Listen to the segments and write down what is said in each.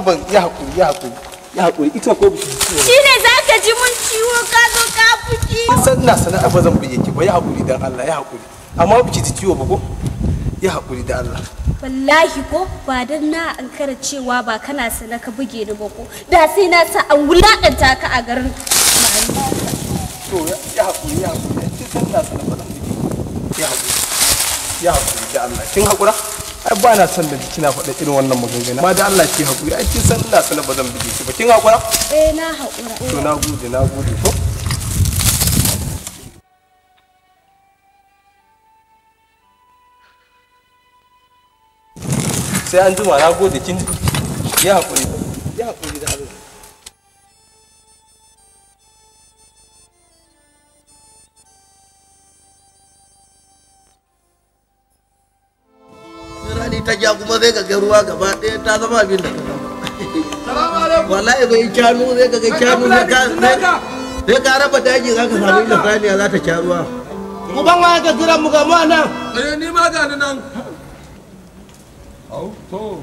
abin ya haƙuri ya haƙuri ya haƙuri ita ko bishi shi ne za ka ji mun ciwo ka zo ka fuki san na sana ba zan bayyana ki ba ya haƙuri dan Allah ya haƙuri amma ba ki ji ciwo ba ko ya haƙuri da Allah wallahi ko ba dan na an kara cewa ba kana sana ka buge ni ba ko da sai na sa an wulaƙanta ka a garin to ya haƙuri ya haƙuri san na sana ba zan buge ya haƙuri ya haƙuri dan Allah kin haƙura ba na son da kina faɗa irin wannan maganganu ma da Allah ke haƙuri ai kin san ina sanar ba zan bige ki ba kin haƙura eh na haƙura to na gode na gode to sai an jima na gode kin Ya haƙuri ta ja kuma zai ga ruwa gaba ɗaya ta zama abin da ta zama wallahi bai kyanu zai ga kyanu zai ka raba daji za ka samu inda saniya za ta kya ruwa ku ban waya ka kira mu ga mu nan eh ni ma ga ni nan au to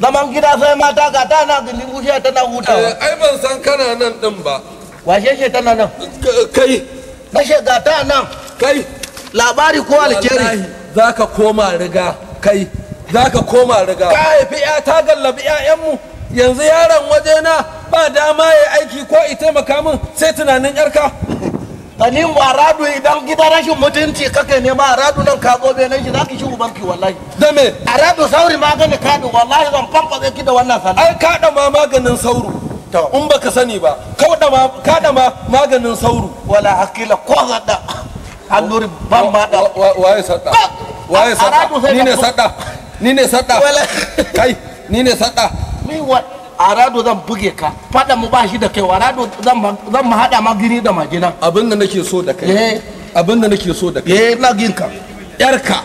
zaman gida sai mata ga ta na gindin bushiya tana hutawa eh, ai ban san kana nan din ba washe she tana nan kai na she ga ta nan kai labari ko alkeri za ka koma riga kai za ka koma riga ka haifi ya ta gallabi 'ya'yanmu yanzu yaron wajena ba dama ya aiki ko i taimaka min sai tunanin yarka kanin waradu idan gidan rashin mutunci kake nema aradu nan ka zo nan shi zaka shi banki wallahi da me aradu sauri maganin kaɗu wallahi zan fanfaɗe ki da wannan sana ai kaɗa ma maganin sauro in baka sani ba kaɗa ma kaɗa ma maganin sauro wala hakila ko sadda hannuri ban ma da waye sadda waye sadda ni ne sadda ni ne sadda kai ni ne sadda mi wa arado zan buge ka fada mu ba shi da kai arado zan zan mu hada ma da magina abin da nake so da kai eh abin da nake so da kai eh na gin ka yarka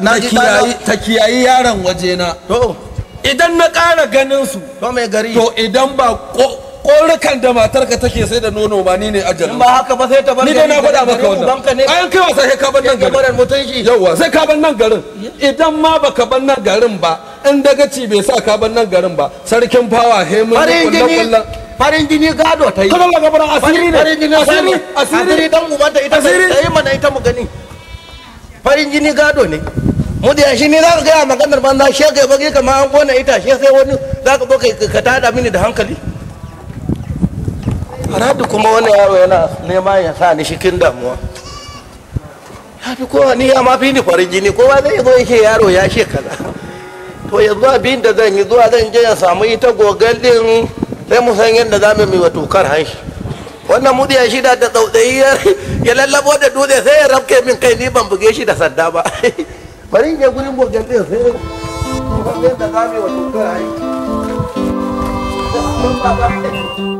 na kiyayi ta kiyayi yaron wajena to idan na ƙara ganin su to mai gari to idan ba ko ƙorukan da matarka take sai da nono ba ni ne ajali ba haka ba sai ta bar ni dai na faɗa maka wannan ayan kai wasa sai ka bar nan garin yawa sai ka bar nan garin idan ma baka bar nan garin ba in ci bai sa ka bar nan garin ba sarkin fawa he mun kullu farin jini gado ta yi kada ga baran asiri ne farin jini asiri asiri dan uban da ita ta yi mana ita mu gani farin jini gado ne mu da shi ne za ka gaya maganar banza shi ga bage kamar an kona ita shi sai wani za ka zo ka tada mini da hankali faradu kuma wani yaro yana nema ya sa ni cikin damuwa ya fi kowa ni ya mafi ni farin jini kowa zai zo yake yaro ya ce kaza to yanzu abin da zan yi zuwa zan je ya samu ita gogalin din sai mu san yadda za mu yi wa tokar hanshi wannan mudi ya shida da tsautsayi ya lallabo da dutse sai ya rabke min kai ni ban buge shi da sadda ba bari in gurin gogal din sai mu san yadda za mu yi wa tokar hanshi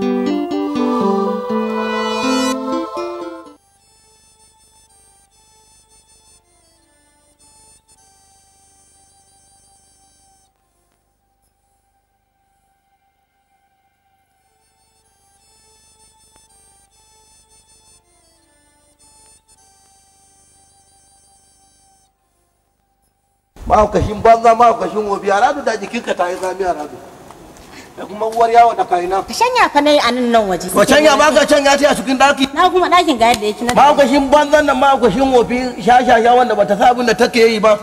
mahaukashin banza mahaukashin wobi radu da jikinka ta yi zami radu da kuma uwar yawo da kaina ka shanya ka nayi a nan waje ko shanya ba ka shanya ta a cikin daki na kuma dakin ga yadda yake na mahaukashin banzan nan mahaukashin wobi shashasha wanda bata sa abin da take yi ba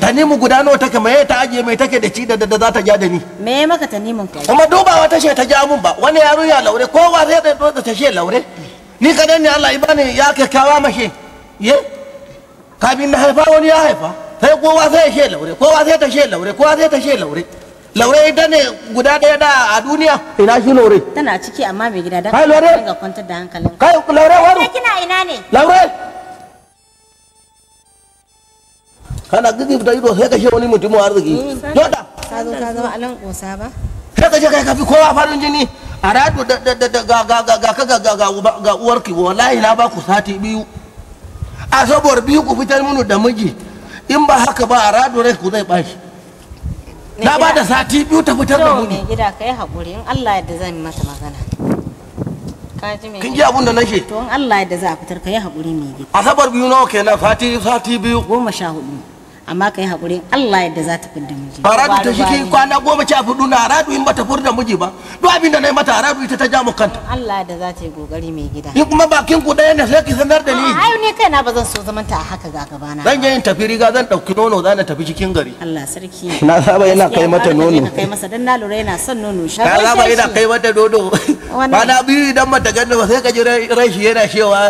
ta nemi guda nawa take mai ta ajiye mai take da ci da da za ta ja da ni me ya maka ta nemin kai kuma duba wata shi ta ja mun ba wani yaro ya laure kowa zai da dole ta she laure ni kadan ne Allah ibani ya kai kawa mashi ye kabin na haifa wani ya haifa sai kowa sai ya she laure kowa sai ta she laure kowa sai ta she laure laure ita ne guda ɗaya da a duniya ina shi laure tana ciki amma mai gida da kai laure ga kwantar da hankalin kai laure wani kina ina ne laure kana gidi da ido sai ka she wani wa arziki yoda. Mm, ta zo ta zama alan kosa ba sai ka je kai kafi kowa farin jini a rado da da da ga ga ga ga ga ga ga ga uwarki wallahi na ba ku sati biyu a sabuwar biyu ku fitar mini da miji in ba haka ba a rado rai ku zai bashi na ba da sati biyu ta fitar da muni gida ka yi haƙuri in Allah yadda zan yi masa magana kin ji abun da nake to in Allah yadda za a fitar ka yi haƙuri mai gida asabar biyu nawa kenan sati sati biyu goma sha hudu amma kai hakuri Allah yadda za ta fidda miji aradu ta shi kai kwana goma a fudu na aradu in bata furda miji ba duk abin da nayi mata aradu ita ta ja mu kanta Allah yadda za ta yi gogari mai gida in kuma bakin ku daya ne sai ki sanar da ni ai ne kai na ba zan so zaman ta a haka ga gaba na zan je in tafi riga zan dauki nono zan tafi cikin gari Allah sarki na saba yana kai mata nono kai masa dan na lura yana son nono sha ba saba yana kai mata nono ba na biyu idan mata ganna ba sai ka ji rai shi yana shewa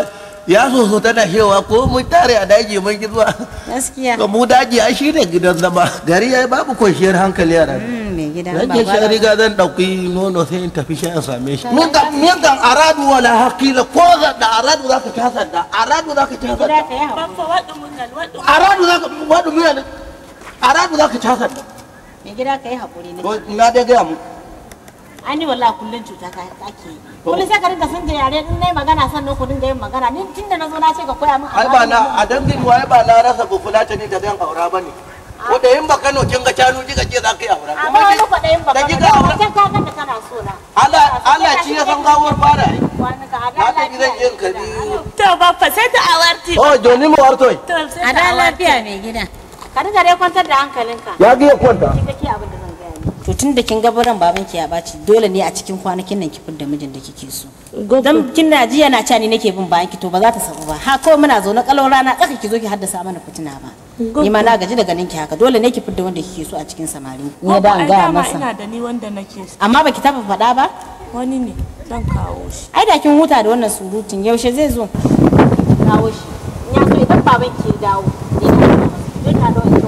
ya so so tana cewa ko mun tare a daji mun ki zuwa gaskiya ga mu daji ai ne gidan zama gari ai babu kwanciyar hankali yara me hmm, gidan ba ne zan riga zan dauki nono sai in tafi shan same shi mun ga mun ga aradu wala haqila ko za da aradu za ka tasa da aradu za ka tasa da wadu wadu mun nan aradu za ka wadu mun nan aradu za ka tasa da me gida kai hakuri ne na dai ga mu ani wallahi kullun cuta ka ake yi kullun sai ka rinka sun da yare in nayi magana sannan ku dinga yin magana ni tunda nazo na ce ka koya min ai ba na a dangin wai ba na rasa kula ta ni da zan aura bane ko da yin baka no kin ga canu ji ce za ka yi aura amma wani ko da yin baka da kika aura kan ka kan kana so na Allah Allah shi ya san gawar fara ai wani ka Allah ta yin kadi to ba fa sai ta awarti oh joni mu wartoi to sai ta lafiya mai gida ka dinga dai kwantar da hankalinka ya ga ya kwanta kike abin tun da kin ga baban babanki ya baci dole ne a cikin kwanakin nan ki da mijin da kike so dan kin na jiya na cani nake bin bayan ki to ba za ta sabu ba ha ko muna zaune kalon rana tsaka ki zo ki haddasa mana fitina ba ni ma na gaji daga ninki haka dole ne ki fidda wanda kike so a cikin samari ni da an ga masa ina da ni wanda nake so amma baki taba faɗa ba wani ne dan kawo shi ai da kin huta da wannan surutun yaushe zai zo kawo shi ya so idan baban ya dawo ne ka dawo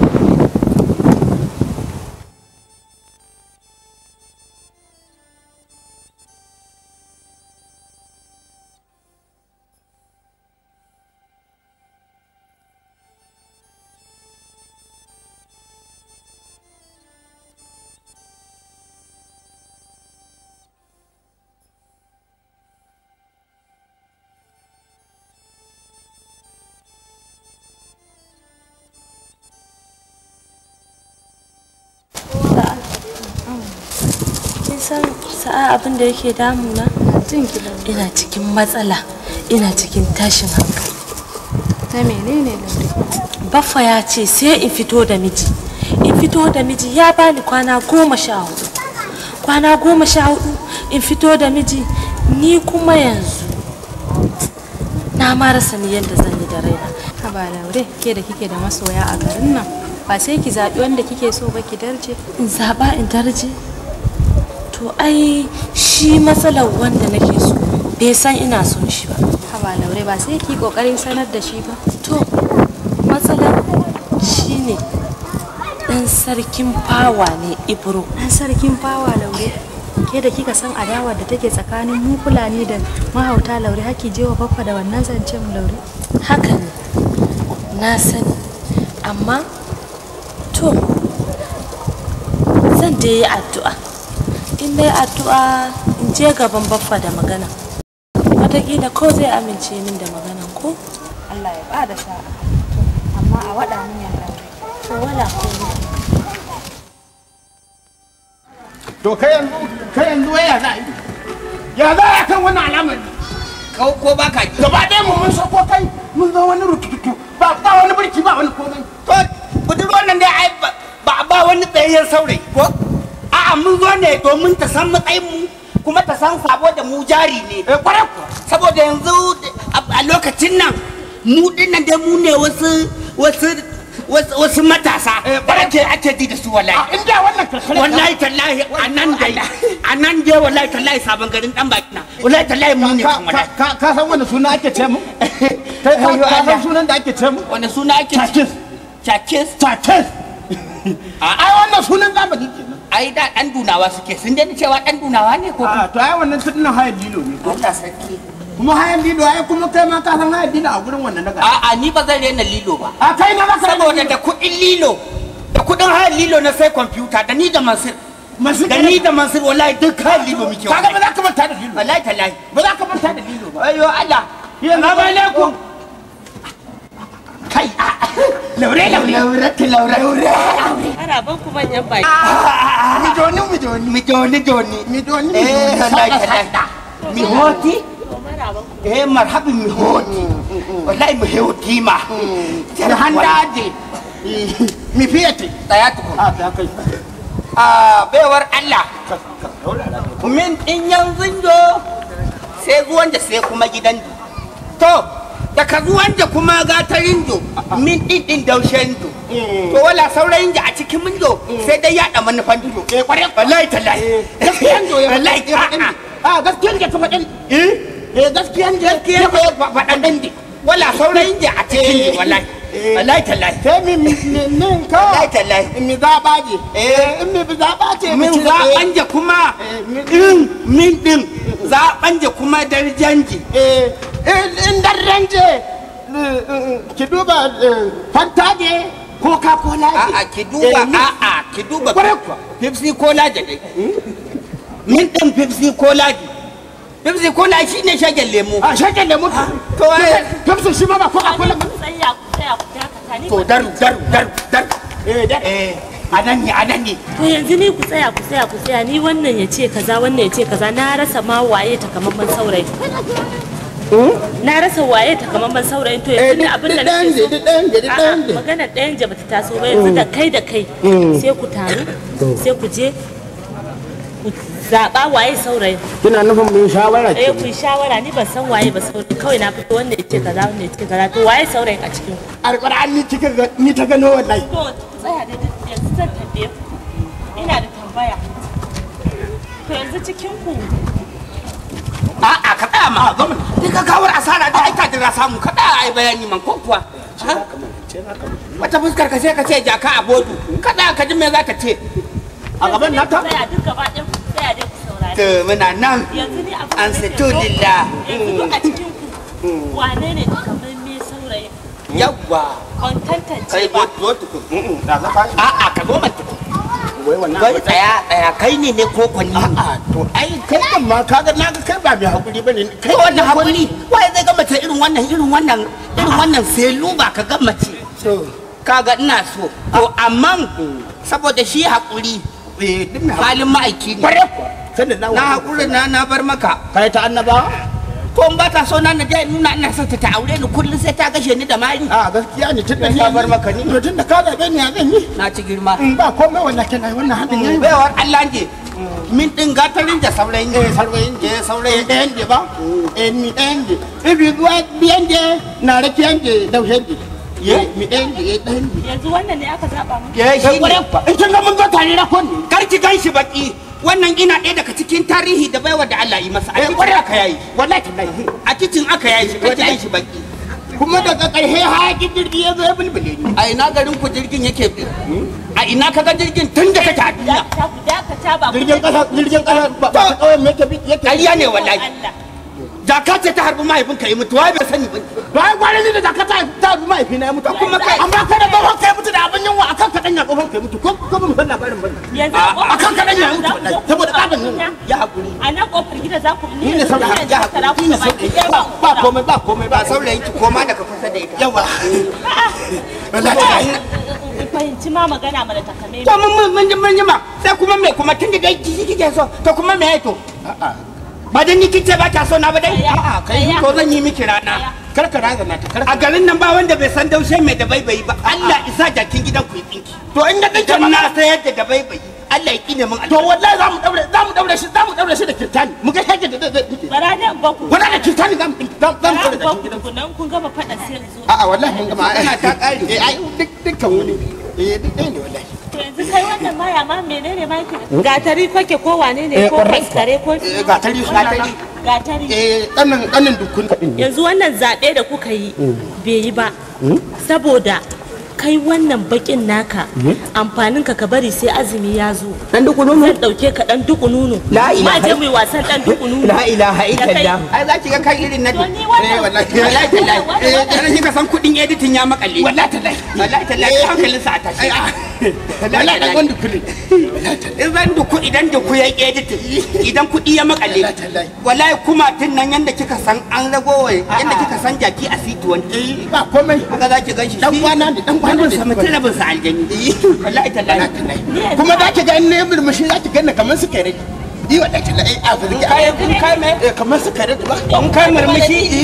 abin da yake damuna ina cikin matsala ina cikin tashin hankali ta menene baffa ya ce sai in fito da miji in fito da miji ya bani kwana goma sha hudu kwana goma sha hudu in fito da miji ni kuma yanzu na mara rasa ni yadda zan yi da raina haba laure ke da kike da masoya a garin nan ba sai ki zaɓi wanda kike so ba ki darje in zaɓa in darje to ai shi matsalar wanda nake so bai san ina son shi ba haba laure ba sai ki kokarin sanar da shi ba to matsalar ne dan sarkin fawa ne ibro dan sarkin fawa laure ke da kika san adawa da take tsakanin mu fulani da mahauta laure haki je wa baffa da wannan zancen laure haka ne na sani amma to zan dai yi addu'a in dai addu'a in je gaban baffa da magana wataƙila ko zai amince min da maganan ko Allah ya bada sa'a amma a wada min yalla to wala ko to kai yanzu kai yanzu za yi ya za a kan wannan al'amari kau ko ba ka gaba ɗaya mu mun ko kai mun zo wani rututu ba ba wani birki ba wani komai to budurwan nan dai ai ba ba wani tsayayyen saurayi ko a'a mun zo ne domin ta san matsayin mu kuma ta san sabo da mu jari ne eh, ku saboda yanzu a lokacin nan mu dinnan dai mu ne wasu wasu wasu matasa barake eh, ake ji da su wallahi ah, in da wannan kakare wallahi tallahi anan dai anan dai wallahi tallahi sabon garin dan bakina wallahi tallahi mu ne kuma ka ka san wani suna ake ce mu kai ka san sunan da ake ce mu wani suna ake chakis chakis chakis a wannan sunan zamani kenan ai da dan dunawa suke sun dai cewa dan dunawa ne ko to ai wannan tudin hayar dilo ne ko ta sarki kuma hayar lilo ai kuma kai ma ka san hayar lilo a gurin wannan daga a'a ni ba zan rena lilo ba a kai ma ba saboda da kudin lilo da kudin hayar lilo na sai kwamfuta da ni da mansur masu da ni da mansur wallahi duk hayar lilo muke kaga ba za ka manta da lilo wallahi tallahi ba za ka manta da lilo ba Ayyo Allah ya alaikum kai ah, ah, ah. laure laure laure ta laure laure ana ban ku manyan baki mi joni mi joni mi joni joni mi joni eh halaka da eh, mi hoti eh marhaban mi hoti wallahi mi hoti ma mm. jahan daji mm. mi fiyati tsaya tukun a ta kai a baiwar Allah min din yanzu jo sai zuwan da sai kuma gidan to da ka zuwan da kuma gatarin rinjo min din din daushen rinjo to wala saurayin da a cikin min sai dai yaɗa manufan rinjo eh kwarai wallahi tallahi eh, gaskiyan jo wallahi a gaskiyan da kuma din eh gaskiyan da gaskiyan ko faɗan din din wala saurayin da a cikin rinjo wallahi eh, wallahi tallahi sai min min ka wallahi tallahi mi zaba je eh. eh mi zaba ce min zaban je kuma min din za je kuma darjanji eh Eh, in dan ranje eh, eh, ki duba fanta ne ko ka kola ne a'a ki duba a'a ki duba pepsi kola da dai min dan pepsi kola ne pepsi kola shi ne shagen lemu a ah, shagen lemu ah, to ai pepsi shi ma ba coca cola ba to dar, dar, dar. daru eh eh anan ne anan ne to yanzu ni ku tsaya ku tsaya ku tsaya ni wannan ya ce kaza wannan ya ce kaza na rasa ma waye takamaiman saurayi Hmm? na rasa waye ta kamar ban saurayin to eh, yanzu abin da nake so magana ɗayan ja bata taso ba yanzu hmm. da kai da kai hmm. sai ku taru sai ku je ku waye saurayin kina nufin mun shawara eh ku shawara ni ban san waye ba saurayin kawai na fito wanda yake kaza wanda yake kaza to waye saurayin a cikin alqur'ani kika ni ta gano wallahi to tsaya da yanzu zan ina da tambaya to yanzu cikin ku a'a gaya ma ni ka gawar asara da ai dir'a samu kada ai bayani man ko kuwa wata fuskar ka sai ka ce jaka a bodu kada ka ji me za ka ce a gaban nata tsaya ku saurare to muna nan an sato lillah yanzu a cikin ku mm. wane ne kamar me saurayi yawwa ba ka goma mutum wai wannan tsaya tsaya kai ne ne ko kwani a'a to ai kai kan ma kaga naga kai ba mai hakuri bane kai wannan hakuri wai zai ga mace irin wannan irin wannan irin wannan selu ba ka ga mace kaga ina so to ah. amma saboda shi hakuri eh, halin aiki ne na hakuri na na bar maka kai ta annaba ko ba ta so nan da nuna ina son ta aure ni kullum sai ta gashe ni da mari a gaskiya ne tunda ni bar maka ni to tunda ka zabe ni ya zan yi na ci girma mm, ba komai wannan kenan wannan hadin bai wa Allah ne min din gatarin da eh, saurayin je saurayin je saurayin da je ba eh mi ɗayan je ibi zuwa biyan je na rakiyan je daushen je ye mi ɗayan je ye ɗayan je yanzu wannan ne aka zaba mu ke shi ne in kin ga mun zo tare rakon kar ki shi baki wannan ina ɗaya daga cikin tarihi da baiwa da Allah yi masa a cikin aka yayi wallahi tallahi a cikin aka yayi shi kace shi baki kuma daga ƙarshe hayaƙin jirgi ya zo ya bulbule ni a ina garin ku jirgin yake a ina ka ga jirgin tun da kake a duniya jirgin ƙasa jirgin ƙasa ba ƙauyen me yake bi yake ne wallahi jaka ce ta harbi mahaifinka yi mutu wai bai sani ba wai gware ni da jaka ta ta harbi mahaifina ya mutu kuma kai amma kai da ka kai mutu da abin yunwa akan ka danya ka kai mutu ko ko ban san labarin ba yanzu akan ka danya ya mutu saboda tsaban yunwa ya hakuri a nan kofar gida za ku ni ne saboda ya hakuri ni ne saboda ba ba komai ba komai ba saboda yanki koma da ka kusa da ita yawa wallahi fahimci ma magana mana takamaimai to mun mun mun ma sai kuma me kuma tun da dai kike so to kuma me to a'a ba dan ni kice ba ta so na ba dai a'a kai ko zan yi miki rana karka razana ta karka a garin nan ba wanda bai san daushe mai da baibayi ba Allah isa jakin gidan ku tsinki to in da na sayar da da baibayi Allah ya kine mun to wallahi zamu daure zamu daure shi mu daure shi da kirtani mu ga yadda da da bara ba ku wala da kirtani zamu zamu da ku nan kun gama fada sai yanzu a'a wallahi mun gama ana ta kare eh ai duk dukkan wani eh duk ne wallahi yanzu kai wannan baya ma menene ma ke gatari fake ko wane ne eh, ko kai kwastare ko eh, gatari gatari gatari eh kanin kanin dukun yanzu wannan zabe da kuka yi mm. bai yi ba mm. saboda kai wannan bakin naka amfanin ka ka bari sai azumi ya zo dan duku nono zan dauke ka dan duku nono la ilaha ma je mu wasan dan duku nono la ilaha illallah ai zaki ga kan irin na eh, wallahi wallahi wallahi eh, dan ka san kudin editing ya makalle wallahi tallahi wallahi tallahi hankalin sa ta shi wallahi dan gundu kudi idan duku idan duku ya editing idan kudi ya makalle wallahi kuma tun nan yanda kika san an ragowa ah, yanda ah. kika san jaki a situan eh, ba komai ka zaki ganshi dan kwana ne dan rabin sa mutum rabin sa aljani wallahi tallahi kuma za ki ga in ne murmushi za ki ganna kamar su kai yi wa ɗaki la'ai a firgi a kun kai mai eh, kamar su kai ba kun kai murmushi yi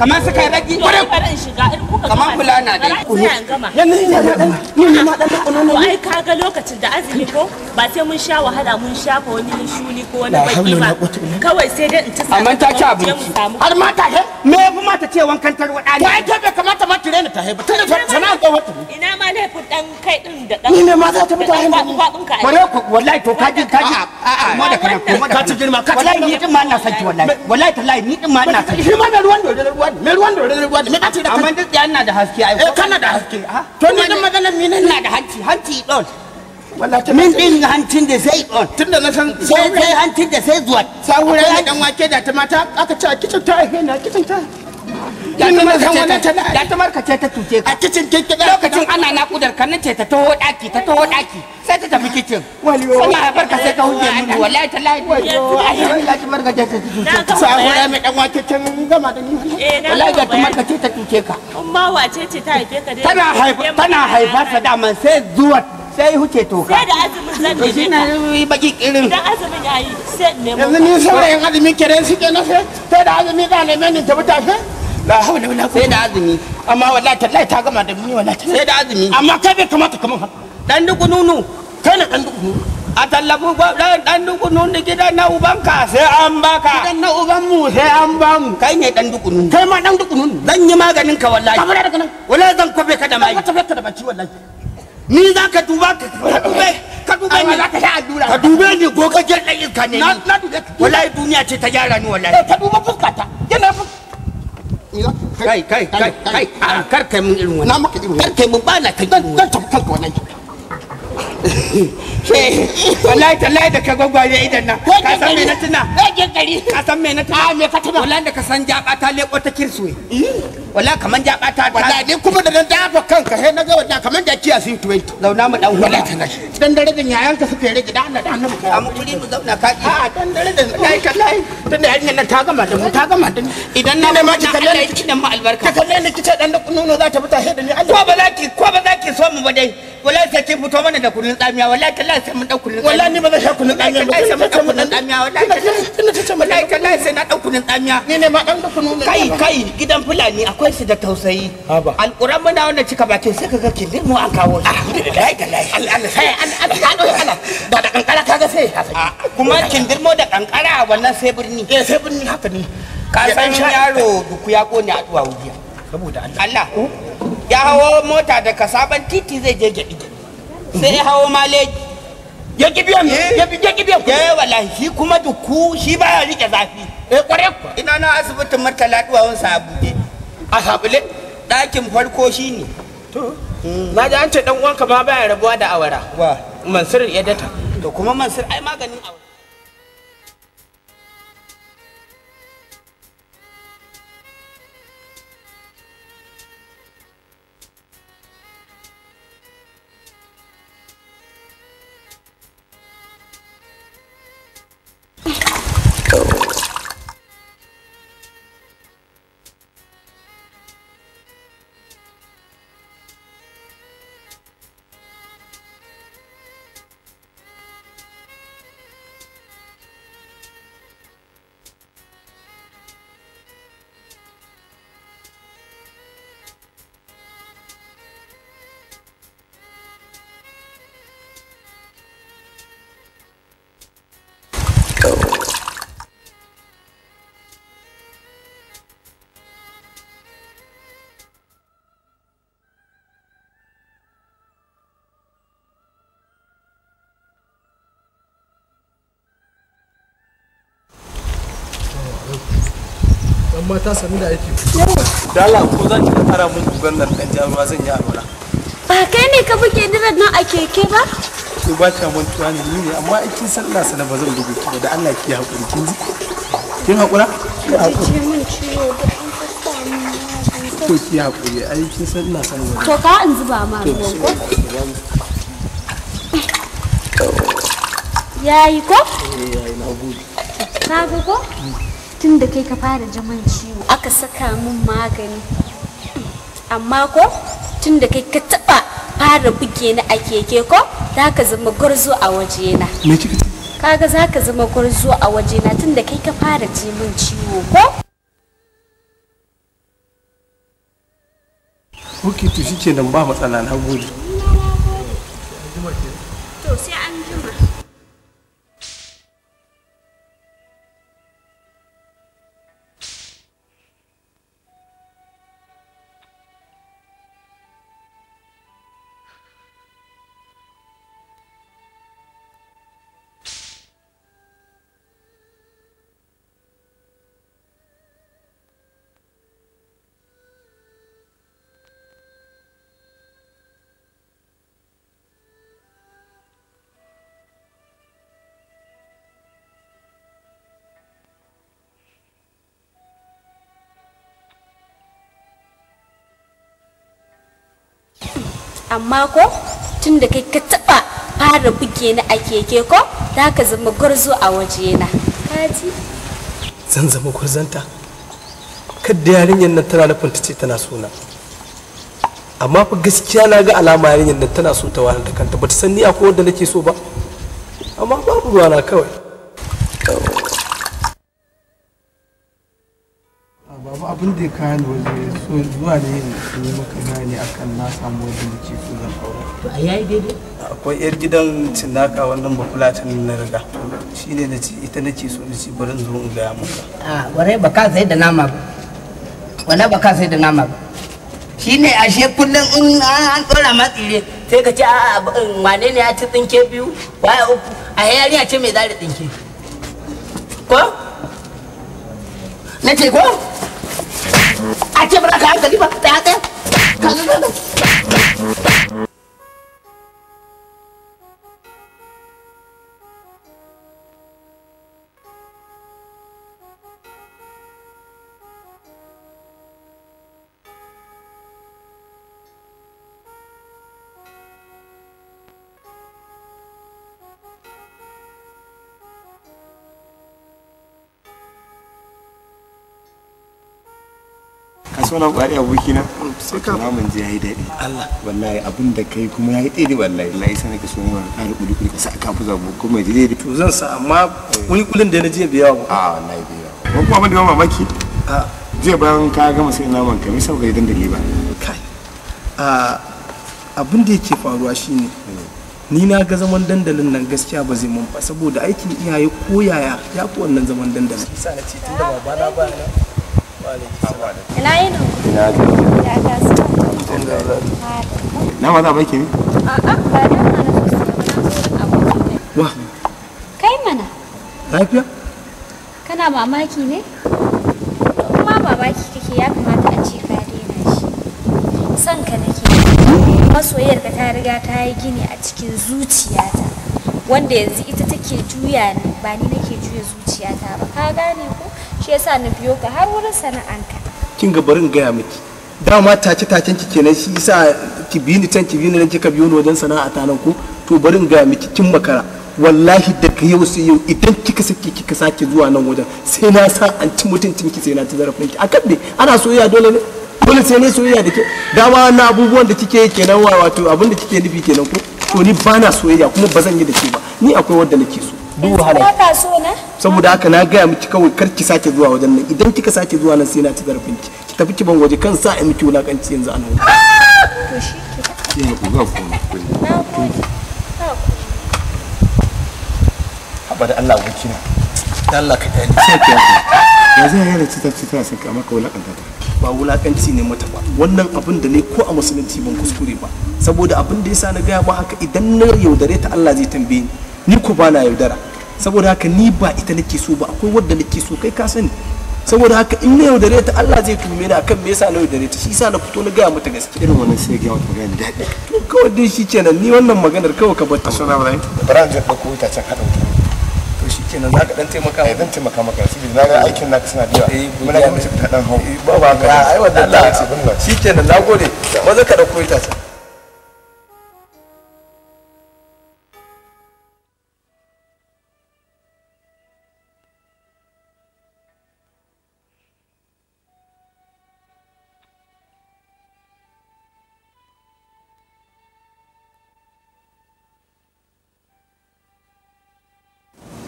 kamar su kai rage kamar fulana dai yanzu ya ma ɗan kununu to ai kaga lokacin da azumi ko ba sai mun sha wahala mun sha shafa wani shuni ko wani baki ba kawai sai dai in ta sa amma ta ci abinci har ma ta he me yafi ma ta ce wankan tarwada ne wai ta bai kamata ma tire ni ta he ba tana sana'a ko wata ina ma laifin dan kai din da dan ni ne ma za ta mutane bare ku wallahi to kaji kaji a'a ma da kana kuma ka ci girma ka wallahi ni din ma ina sanki wallahi wallahi tallahi ni din ma ina sanki shi ma na ruwan dole ruwan me ruwan dole. ruwan me kace da amma na da haske ai eh, kana da haske to ni din maganar ni na da haske hanci hanci don min din hancin da sai don tun da na san sai hancin da sai zuwa sai wurin dan wake da tumata aka ce kitchen ta hena kitchen ta da ta markace ta tuce ka a kicin kike lokacin ana nakudar ka nace ta taho daki ta taho daki sai ta tafi kicin sama ya barka sai ka huje mun wallahi ta lahi wallahi ta markace ta tuce ka sai hore mai dan wake can gama da ni eh, wallahi ta markace ta tuce ka umma wace ce ta haife ka dai tana haifa tana haifa ta daman sai zuwa sai huce toka sai da azumin zan je shi yi baki kirin da azumin yayi sai yanzu ni azumin kire shi kenan sai da azumi ka neme ni ta la hawla wala quwwata sai da azumi amma wallahi tallahi ta gama da ni wallahi sai da azumi amma kai bai kamata kaman haka dan duku nunu kai na dan duku nunu a tallafu dan duku nunu gidan na ubanka sai an baka gidan na uban mu sai an ba mu kai ne dan duku nunu kai ma dan duku nunu zan yi maganin ka wallahi kamar daga nan wallahi zan kwabe ka da mai ka tafi ka da baci wallahi ni za ka duba ka dube ka dube ni za ka sha allura ka dube ni ko ka jirɗa iska ne ni wallahi duniya ce ta gyara ni wallahi eh, ka duba fuskata yana fuskata kai kai kai kai kai kai mun kai kai na kai kai kai kai kai mun ba na kai kai kai kai kai kai wallahi tallahi da ka idan ka san me na tuna ka ah, san me na tuna me ka tuna wallahi da ka san jaba ta leko ta kirsuwe wallahi kaman jaba ta wallahi ni kuma da dan kanka he naga wallahi kaman da kiya sun 20 zauna mu dan wallahi dan dare da yayan ka suka rage da Allah da annabi kai mu zauna ka a ah, dan dare da kai kallai tun da yarinyar ta gama da mu ta gama da idan na ma ki kalle ni kidan mu albarka ka kalle ni kice dan da nono za ta fita he da ni Allah ko ba za ki ko ba za ki so mu ba dai wallahi sai kin fito mana da kunun tsamiya wallahi tallahi sai mun dau kunun tsamiya wallahi ni ba zan sha kunun tsamiya ba sai mun dau kunun tsamiya wallahi ina tace mun wallahi tallahi sai na dau kunun tsamiya ni ne ma dan da kunun kai kai gidan fulani akwai su da tausayi alquran muna wannan cika bakin sai kaga kilin mu an kawo alhamdulillah tallahi Allah sai Allah ba da kankara kaga sai kuma kindirmo da kankara wannan sai birni eh sai birni haka ne ka san yaro duku ya kone a duwa wuya saboda Allah Allah ya hawo mota daga sabon titi zai je gidi sai ya hawo maleji ya ki ya bi ya ki ya eh, wallahi shi kuma duku shi baya rike zafi eh kware ku ina na asibitin martala duwawun sa abude a sabule ɗakin farko shine to na ji an ce dan uwanka ma baya rabuwa da awara wa mansur ya data to kuma mansur ai maganin awara mata sami da aiki dala ko zan ki fara mun duban nan dan jaruwa zan yi alwala ba kai ne ka buge dirar nan a keke ba to ba ta mantuwa ne ni ne amma aikin sallah sana ba zan buge ki da Allah ki hakuri kin ji kin hakura ki hakuri mun ciwo da an fasta mun to ki hakuri aikin sallah sana ba to ka an zuba ma ruwan ko yayi ko eh yayi na gode na gode ko mm. tun da kai ka fara jaman ciwo aka saka min magani amma ko tun da kai ka taba fara buge ni a keke ko za ka zama gwarzo a wajena kaga za ka zama gwarzo a wajena tun da kai ka fara jaman ciwo ko ok to shi nan ba matsala na gode to sai an amma ko tun da kai ka taɓa fara buge ni a keke ko za ka zama gwarzo a wajena kaji zan zama gwarzanta kadda yarinyar nan tana nufin ta tana suna amma fa gaskiya na ga alama yarinyar nan tana so ta wani da kanta ba ta san ni akwai wanda nake so ba amma babu ruwa na kawai abin da ya kayan waje so zuwa da yin su yi maka gane akan na samu wajen da ke su zan aure. To a yayi daidai? Akwai yar gidan cinaka wannan bafulatan na riga. Shi ne na ce ita na ce so na ce bari zo in gaya maka. A wane ba ka sai da nama ba. wane ba ka sai da nama ba. Shi ne ashe kullum in an tsora matsire sai ka ce a wane ne ya ci tsinke biyu waya uku a yariya ce mai zari tsinke. Ko? Na ce ko? Isso aqui, terra, sunan kwari aboki na sai ka namun ji yayi daɗi Allah wallahi abin da kai kuma yayi daɗi wallahi Allah yasa nake so mu ƙara kuli kuli ka sa aka fi zabo kuma ji daɗi to zan sa amma kuli kulin da na je biya ba a wallahi biya wa kuma abin da mamaki a je bayan ka gama sai naman ka me sa ka yi dandali ba kai a abin da yake faruwa shine ni na ga zaman dandalin nan gaskiya ba zai mun ba saboda aikin iyaye ko yaya ya fi wannan zaman dandalin. Sa na ce tun da babana ba na Ina yi Ina ga. Na ba ba ne? A'a ba da na na Wa. Kai mana. Lafiya? Kana mamaki ne? Kuma babaki kake ya kamata a ce ka daina shi. Son ka nake. Masoyarka ta riga ta yi gini a cikin zuciyata. Wanda yanzu ita take juya ni ba ni nake juya zuciyata ba. Ka gane shi yasa na biyo ka har wurin sana'anka kin ga barin gaya miki dama tace tacen ki kenan shi yasa ki bi ni can ki bi ni nan kika biyo ni wajen sana'a ta nan ku to barin gaya miki kin makara wallahi daga yau sai yau idan kika saki kika sake zuwa nan wajen sai na sa an ci mutuncin ki sai na ci zarafin ki akan ne ana soyayya dole ne dole sai ne soyayya da ke dama na abubuwan da kike yi kenan wato abin da kike nufi kenan ku to ni ba na soyayya kuma ba zan yi da ke ba ni akwai wanda nake so duk wahala ba ka so na saboda haka na gaya miki kawai kar ki sake zuwa wajen nan idan kika sake zuwa nan sai na ci zarafin ki ki tafi ki ban waje kan sa miki wulakanci yanzu a nan to haba da Allah wuki na da Allah ka dani sai ki yanzu ya yana cita cita sai ka wulakanta ta ba wulakanci ne mata ba wannan abin da ne ko a musulunci ban kuskure ba saboda abin da yasa na gaya ba haka idan na yaudare ta Allah zai tambaye ni ni ku bana yaudara saboda haka ni ba ita nake so ba akwai wadda nake so kai ka sani saboda haka in na yaudare ta Allah zai tume ni akan me yasa na yaudare ta shi yasa na fito na gaya mata gaskiya irin wannan sai ga wata magana daɗi to kawai dai shi kenan ni wannan maganar kawai ka bar ta sunan Ibrahim bara ga ɗauko ita can hada wuta to shi kenan zaka dan ɗan taimaka eh, maka dan taimaka maka shi na ga aikin naka suna biya eh, muna kuma ta ɗan hau eh, ba ba ka ah, ai wannan Allah ya ce shi kenan nagode maza ka dauko ita can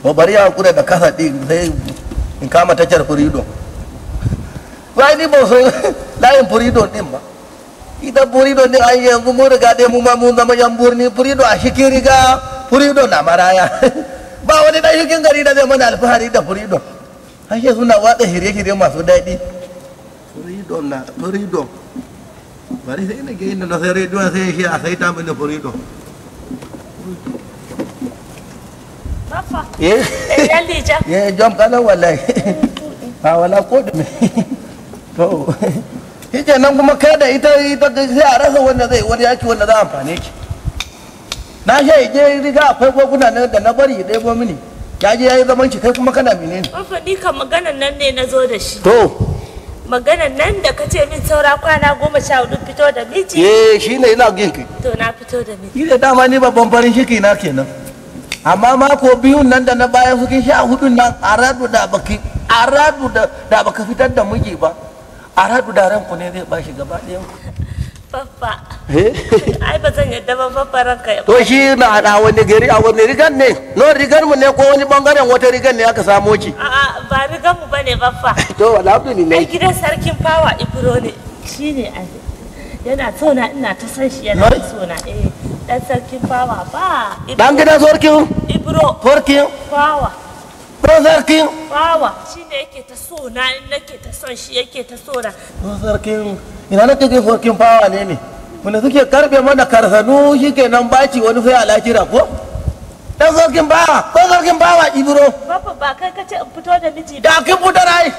to bari ya hakura da kasa din sai in kama tacar furidon ba ni ba san layin furidon din ba ita furidon din an yanzu mun riga dai mu ma mun zama yan burni furidon a shikin riga furidon na maraya ba wani dan shikin gari da zai mana alfahari da furidon ashe suna watsa shirye-shirye masu daɗi furidon na furidon bari sai ina ga inda na sai rediyon sai shi a sai ta mini furidon Baffa. Eh. Yan lija. Ah, nan kuma kai da ita ita sai a rasa wanda zai wani yaki wanda Na shi je riga akwai goguna na da na bari dai bo mini. Ya je yayi zaman ki kai kuma kana ka maganan nan ne na zo da shi. To. maganan nan da ka ce min saura kwana goma sha hudu fito da miji? Eh ina ginki. To na fito da miji. Ni da dama ni babban farin ciki na kenan. amma mako biyun nan da na bayan suke sha hudun nan aradu da baki aradu da baka fitar da miji ba aradu da ranku ne zai bashi gaba ɗaya papa eh? Ai ba zan yadda ba faffa ranka ya. To shi na haɗa wani gari a wani rigan ne. No rigan mu ne ko wani bangaren wata rigan ne aka samo ki. A'a ba rigan mu bane papa. To ne. Ai gidan sarkin fawa Ibro ne. Shine yana tsona ina ta san shi yana tsona. eh. dan sarkin fawa ba dan gidan sarkin ibro sarkin fawa dan sarkin fawa ne yake ta so na in nake ta son shi yake ta so na dan sarkin ina nake ga sarkin fawa ne ne wanda suke karbe mana karsanu shikenan baci wani sai alakira ko dan sarkin bawa ko sarkin bawa ibro Baba ba kai ka ce in fito da miji da kin fito fitar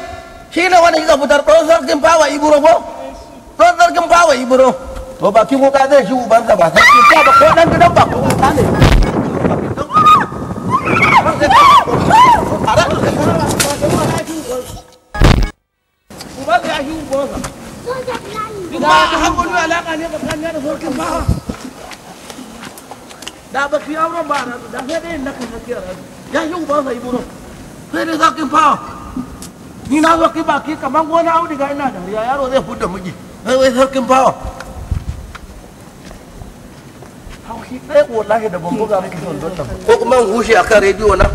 Shi ne wanda kika fitar dan sarkin bawa ibro ko eh, dan sarkin bawa ibro to bakin kuka zai shi ubansa ba sai ki ta ba ko dan gidan ba ko wuka ne ubansa ya shi ubansa duk ba ta ne da sarkin bawa da ba ki auren ba na da ne da na kan sake ya yi ubansa yi buru sai da sarkin bawa ni na zo ki baki kamar gona auduga ina da dariya yaro zai fudda miji sai wai sarkin bawa haushi ɗaya wallahi da ban buga miki son don ko kuma in hushe akan rediyo na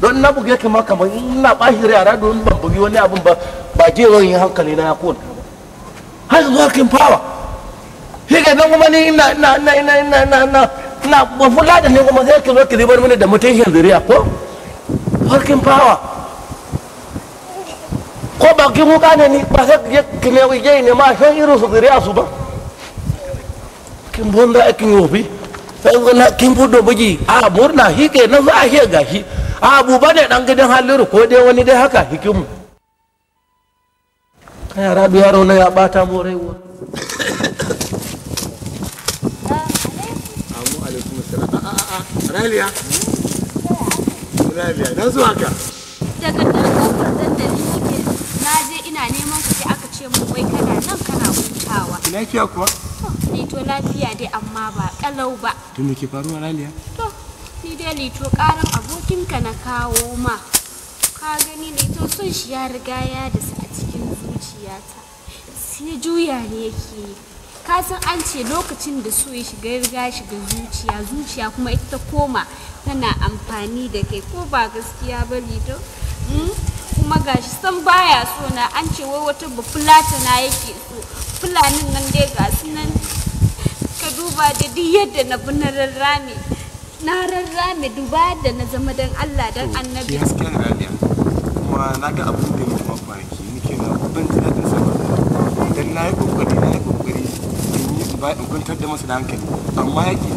don na buge ki ma kamar ina bashi rai a rado in ban bugi wani abin ba ba je zan yi hankali na ya kone har zuwa kin fawa shi ga nan kuma ni ina ina ina ina ina ina ina ina ba fula da ne kuma zai ki zo ki ribar mini da mutuncin zuriya ko harkin fawa ko bakin wuka ne ni ba sai ki ne ma shan irin su zuriya su ba kin bonda kin yofi sai wala kin bodo baji a ah, murna hike na ah, za a hiya gashi a ah, abu bane dan gidan halliru ko dai wani dai haka hikimu kai rabi yaro na ya bata mu raiwa amu alaikum assalam a a a raliya raliya dan zuwa ka daga dan kofar dandali nake na je ina neman kuɗi aka ce min wai kana nan kana hutawa lafiya kuwa lito lafiya dai amma ba kalau ba to me ke faruwa laliya to ni dai lito karan abokinka na kawo ma ka gani lito son shi ya riga ya dasa a cikin zuciyata sai juya ne yake yi ka san an ce lokacin da so ya shiga riga shiga zuciya zuciya kuma ita ta koma tana amfani da kai ko ba gaskiya ba lito hmm? kuma gashi san baya so na an ce wai wata ta na yake so fulanin nan dai ga su nan ka duba da duk yadda na bi na rarrame na rarrame duba da na zama dan Allah dan annabi gaskiya na rabiya kuma na ga abin da ya kuma baki nake na ban ji da sa dan na yi kokari na yi kokari in yi ba in kuntar da masa da hankali amma yake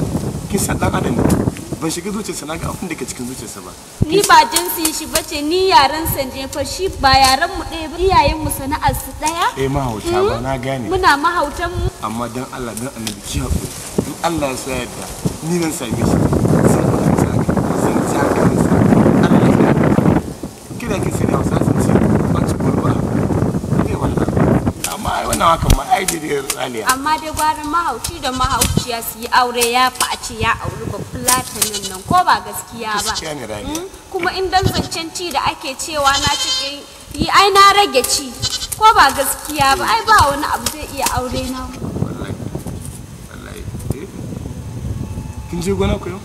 kisa dan adam ne ban shiga zuciyarsa na ga abin da ke cikin zuciyarsa ba ni ba jinsi shi bace ni yaran san fa shi ba yaran mu ɗaya ba iyayen mu sana'ar su ɗaya eh mahauta ba hmm? na gane muna mahautan mu amma dan Allah dan annabi ki hakuri in Allah ya sa yadda ni nan same shi wannan hakan ma ai jirgin raliya amma dai gwarin mahauci da mahauciya su yi aure ya fa a ce ya auri babba fulatanin nan ko ba gaskiya ba hmm? kuma in dan zancen ci da ake cewa na ci yi ai na rage ci ko ba gaskiya ba ai ba wani abu zai iya aure na eh? kin je gona ku yau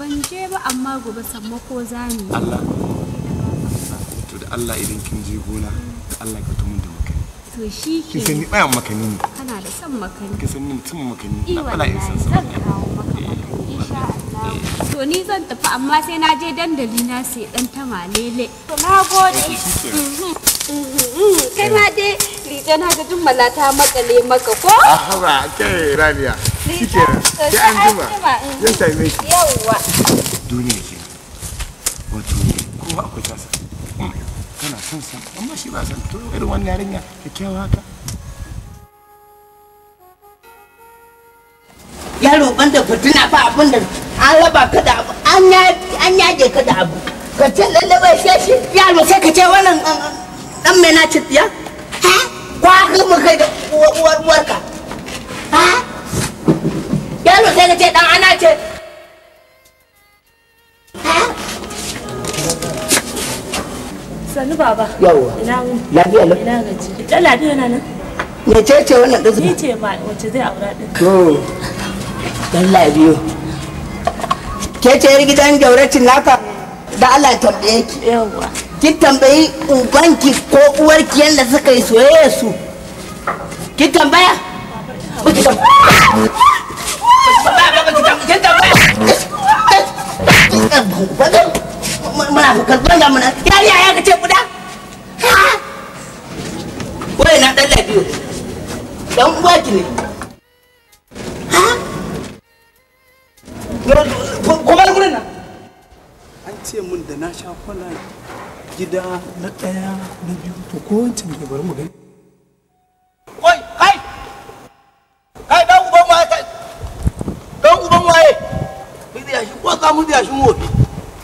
ban je ba amma gobe sammako zani Allah to da Allah idan kin je gona da Allah ka tumun da makani to shi ke kin san ni bayan makani ne kana da san makani kin san ni mutum makani na bala in san san to ni zan tafi amma sai na je dandali na sai dan ta malele to na gode mhm, mhm, mhm. kai ma dai rija na ga jummala ta makale maka ko a ba kai rabiya shikenan ki an juma zan same shi yawwa duniya ke wato kowa akwai tasa hmm. kana san san amma shi ba san to irin wannan yarinya kyakkyawa haka yaro ban da fitina ba abin da an raba ka da abu an yaje ka da abu ka ce lalle bai sai shi yaro sai ka ce wannan eh, dan mai naci ya ha ka mu kai da uwar ka. ha yaro sai ka ce dan ana ce Sani baba. Yawwa. Ina Lafiya lafiya. Ina gaji. Ita lafiya na nan. Me ce ce wannan ɗin? Ni ce ba wace zai aura ɗin. Hmm. Dan lafiya. ke ce yar gidan gauracin naka da Allah ya tambaye ki ki tambayi ubanki ko uwarki yadda suka yi soyayya su ki tambaya Don't work in it. Huh? muna yariya ya ce min da na sha kwana gida na ɗaya na biyu to ko wancan ke bari mu gani. Oi, kai! Kai dan uban waye kai! Dan uban waye! Mu da shi ko za mu da yashi wofi.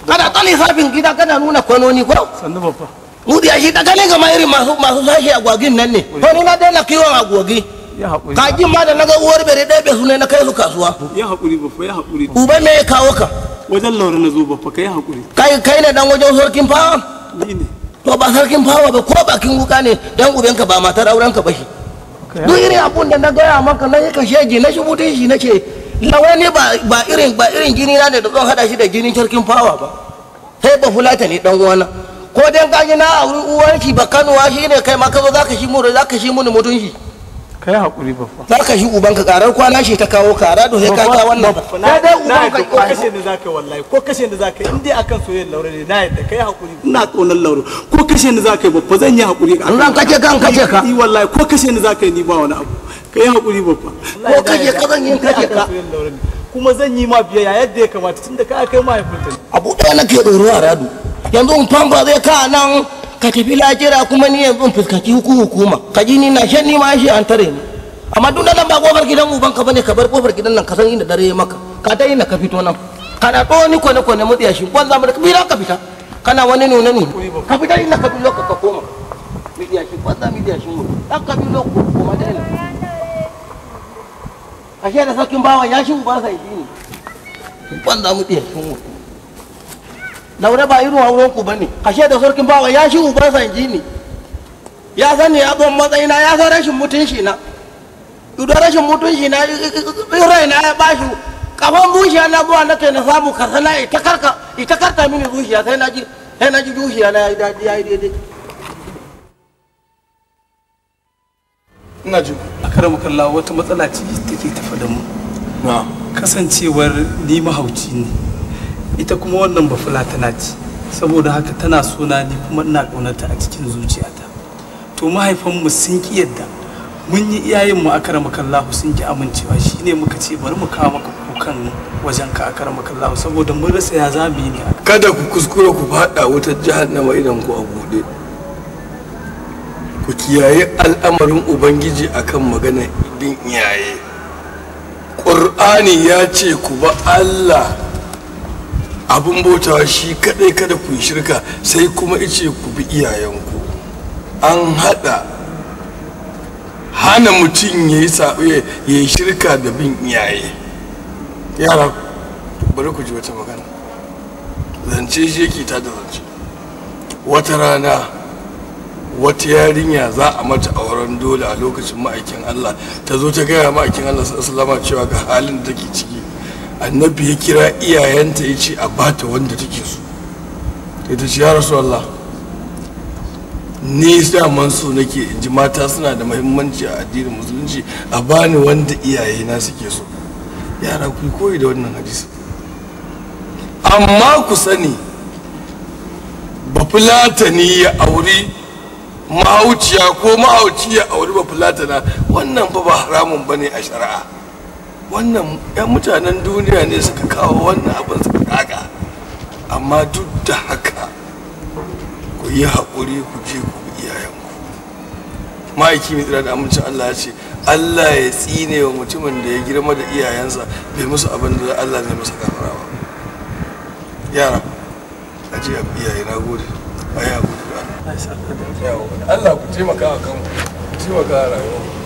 Kada ta lissafin gida kada nuna kwanoni ko? Sannu babba. Mu da shi ta gane ga ma masu masu sashi a agwagin nan ne. Ko ni na daina kiwon agwagi. Ka ma da naga uwar bere ɗaya bai sunai na kai su kasuwa ya haƙuri ba ya haƙuri uba me ya kawo ka wajen laura na zo ba fa kai haƙuri kai kai ne dan wajen sarkin fa ni ne to ba sarkin fa ba ko bakin wuka ne dan ubenka ba matar aurenka ba shi duk irin abun da na gaya maka na yakan shege na shi mutum shi nake lawai ne ba irin ba irin jini na ne da zan hada shi da jinin sarkin fawa ba sai ba fulata ne dan uwana ko dan kaji na auri uwanki ba kanuwa shi ne kai ma ka zo zaka shi mu zaka shi mu mutunci kai hakuri ba fa ka shi ubanka karar kwana shi ta kawo kara don sai ka ga wannan na dai ubanka ko kashe ne zaka wallahi ko kashe ne zaka in dai akan soyayyar laure ne na yadda kai hakuri ina kaunar laure ko kashe ne zaka fa zan yi hakuri an ran kace kan kace ka ni wallahi ko kashe ne zaka ni ba wani abu kai hakuri fa ko kace ka zan yi kace ka kuma zan yi ma biyayya yadda ya kamata tunda ka kai mahaifinta abu ɗaya nake tsoro a radu yanzu in famba zai ka nan ka tafi lajira kuma ni in fuskaci huku hukuma ka ji ni na shan ni ma shi an tare ni amma duk da nan ba kofar gidan uban ka bane ka bar kofar gidan nan ka san inda dare ya maka ka ta yi na ka fito nan kana to ni kone kone mutsiya shi kwan zamu da kabila ka fita kana wani nuna nuna ka fita ina ka bilo ka koma midiya shi kwan zamu midiya shi mu dan ka bilo ko kuma da ina ashe da sakin bawa ya shi sa yi dini kwan zamu midiya shi mu laure ba irin auren ku bane kashe da sarkin bawa ya shi uban sanji ne ya sani abin matsayina ya san rashin mutunci na idan rashin mutunci na raina ya bashi kafan zuciya na zuwa na kai na samu karsana ita karka ita karta mini zuciya sai na ji sai na ji zuciya na yayi yi yayi daidai ina ji a karamu kallawa wata matsala ce take tafa da mu kasancewar ni mahauci ne ita kuma wannan bafula tana ci saboda haka tana suna ni kuma ina ƙaunarta a cikin zuciyata to mahaifanmu sun ki yadda mun yi iyayenmu a kallahu sun ki amincewa shine muka ce bari mu kawo maka kukan wajen ka a kallahu saboda mun rasa ya za mu yi ne kada ku kuskura ku faɗa wutar jahannama idan ku a buɗe ku kiyaye al'amarin ubangiji akan magana bin iyaye ƙur'ani ya ce ku ba allah abin botawa shi kadai kada ku shirka sai kuma ice ku bi iyayenku an hada hana mutum ya yi saɓe ya yi shirka da bin iyaye yara bari ku ji wata magana zance shi yake ta da zance wata rana wata yarinya za a mata auren dole a lokacin ma'aikin allah ta zo ta gaya ma'aikin allah sallama cewa ga halin da take ciki annabi ya kira iyayenta ya ce a bata wanda take so ta ta ce ya rasu Allah ni saman so nake in ji mata suna da mahimmanci a addinin musulunci a bani wanda iyayena suke so yara ku koyi da wannan hadisi amma ku sani ne ya auri mahauciya ko mahauci ya auri bafulatana wannan fa ba haramun bane a shari'a wannan 'yan mutanen duniya ne suka kawo wannan abin suka daga amma duk da haka ku yi haƙuri ku je ku iyayenku ma'aiki mai tsira da amincin allah ya ce allah ya tsine wa mutumin da ya girma da iyayensa bai musu abin da allah zai masa gafara ba yara a ji iyaye na gode a yi haƙuri da allah ku taimaka a kanku ku taimaka a rayuwa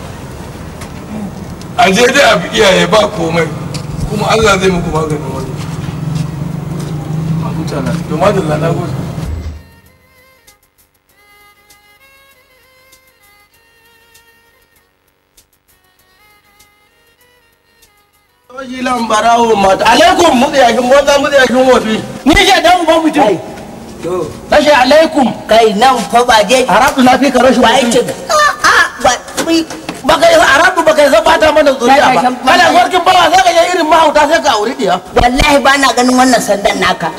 a je da a iyaye ba komai kuma allah zai muku maganin wani a mutane domin da lana gode jilan barawo wata alaikum mutsayakin motsa mutsayakin wofi ni ke dan uban mutum tashi alaikum kai nan fa ba je haratu na fi Ah rashin mutum baka yi arabu baka yi bata mana zuriya ba kana sarkin bawa sai ka yi irin mahauta sai ka aure diya wallahi ba na ganin wannan sandan naka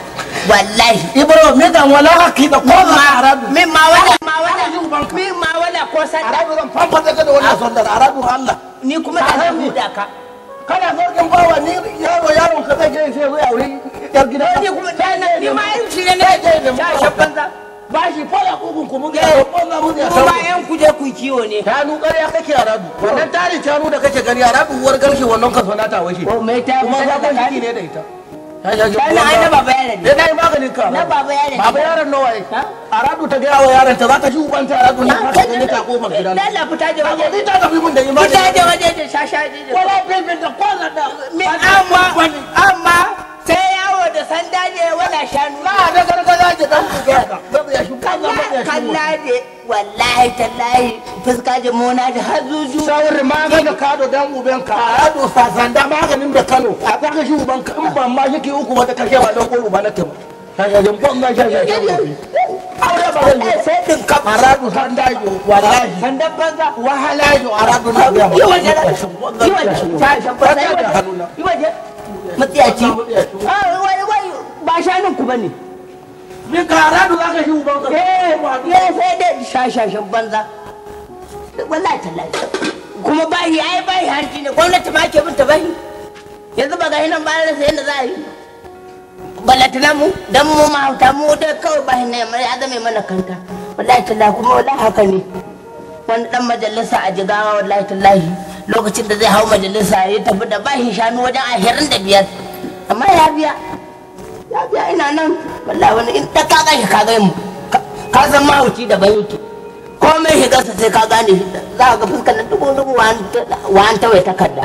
wallahi ibro me dan wala haki da ko ma arabu me ma wala ma wala me ma wala ko sandan arabu zan fanfa ka da wannan sandan arabu Allah ni kuma da zan da ka kana sarkin bawa ni yaro yaro ka zai je sai zo aure yar gida ni kuma dai ni ma yin shi ne ne ya shabban ba shi ko da kukun ku mun ga ko za mu ya kuma yan kuje ku kiwo ne tanu ƙarya kake a wannan tarin tanu da kake gani a rabu uwar garke wannan kaso na ta washe ko mai ta kuma ba ko shi ne da ita Kana ai na baba yaron ne. Dai eh, maganin ka. Na baba yaron. Baba yaron nawa ai. Aradu ta ga wa yaron ta za ta ji ta Aradu ne ka gani ta koma gida. Lalla fita je waje. Ni ta tafi mun da imani. Fita je waje da shashaji. Ko la bin bin da ko la da. amma amma da sanda ne wala shanu na da gargaza ki dan ku ga babu ya shi kalla kalla ne wallahi tallahi fuska da mona da hazuju saurin maganin kado dan uben ka sa sanda maganin da kano a kaga shi uban ka in ban ma yake uku wata karshe ba dan koro ba na tuma shashashin kwan ga shashashin wofi aure ba ba shanin ku bane ni kara da zaka shi uban ka eh ya eh, sai dai shashashin banza wallahi tallahi kuma ba yi ai yi harji ne gwamnati ma ke binta bayi yanzu ba ga hinan bayan sai yanda za a yi ballatana mu dan mu mahauta mu da kawai ba ne mai zame mana kanta wallahi tallahi kuma wallahi haka ne wani dan majalisa a jigawa wallahi tallahi lokacin da zai hau majalisa ya tafi da bahin shanu wajen ashirin da biyar amma ya biya lafiya ina nan wallahi wani in ta ka gashi ka gani ka san mahauci da ban yake komai shigarsa sai ka gane za ka ga fuskar na dubu dubu wa an tawaye takarda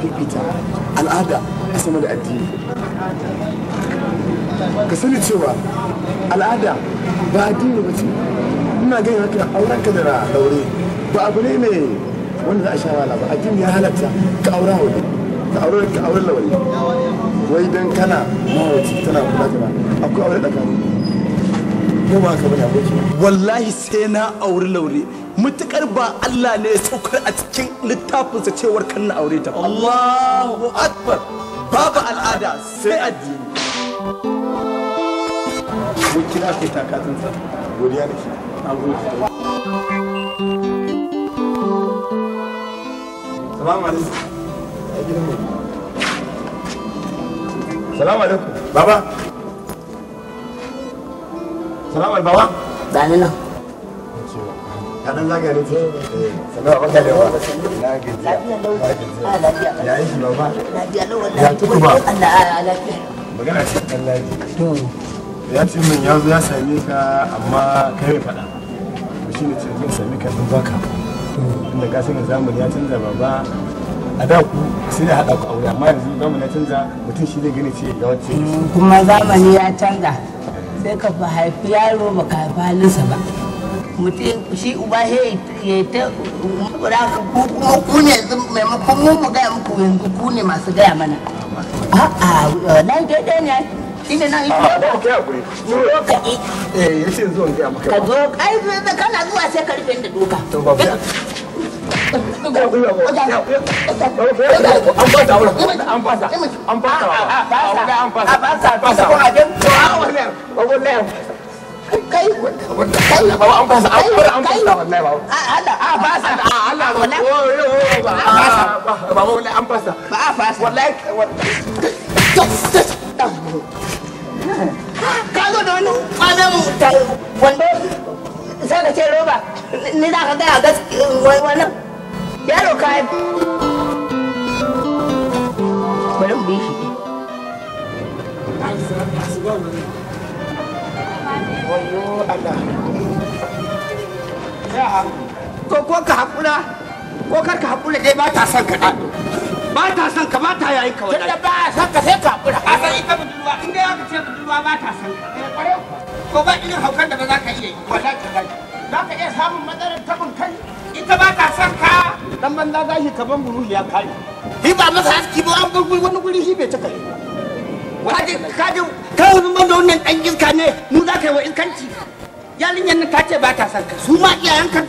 fifita al'ada a sama da addini ka sani cewa al'ada ba addini ba ce ina ganin haka auren ka da daure ba abu ne mai wanda za a sha wala ba addini ya halatta ka aura wani ka aure ka aure wani wai dan kana mawaci tana kula da akwai aure da kamu yau ba ka bane aboki wallahi sai na auri laure mutukar ba Allah ne ya saukar a cikin littafinsa cewar kan na aure ta Allahu akbar babu al'ada sai addini mun kira kai takatun sa godiya da shi Salamu alaikum. Salamu alaikum. Baba. Salamu alaikum. Baba. Ba ni nan. kaɗan zaga eh, ne ah, ya magana ce laji ya ce min ya zo ya same ka amma kai faɗa to shi ne ce zai same ka zan baka inda ka sani zamani ya canza baba a da ku sai haɗa ku aure amma yanzu zamani ya canza mutum shi zai gani ce ga wacce mm, kuma zamani ya canza sai ka haifi yaro baka ka haifi halinsa ba mutum shi uba ya ta kura ku kuma ku ne maimakon mu mu gaya muku yanzu ku ne masu gaya mana a'a nan daidai ne ina nan ita ba ka zo ka yi eh yace zo in maka ka zo kai kana zuwa sai ka rufe da doka to ba an fasa an fasa an fasa an fasa an fasa an kai wanda kai ba an fasa an bar an fasa wallahi ba Allah a fasa a Allah ba ba ba ba wallahi an fasa ba a fasa wallahi ka zo da wani kwanan wanda sai ka ce roba ni za ka gaya gaskiya wannan yaro ka yi bari mu bi shi wayo Allah to ko ka ko kar ka haƙura dai ba ta son ka ba ta son ka ba ta yayin ka wallahi tunda ba son ka sai ka haƙura a san ita budurwa in dai aka ce budurwa ba ta son ka eh, ko ba irin haukan da ba za ka iya yi wallahi za ka iya samun matsalar tabin kai ita ba ta son ka dan banza gashi kaban ya hi ba masa aski ba an gurguri wani guri shi bai kaji kaji kai ban da wannan dan iska ne mu za ka yi wa iskanci yarinyar nan ta ce ba ta son ka su ma iyayen ka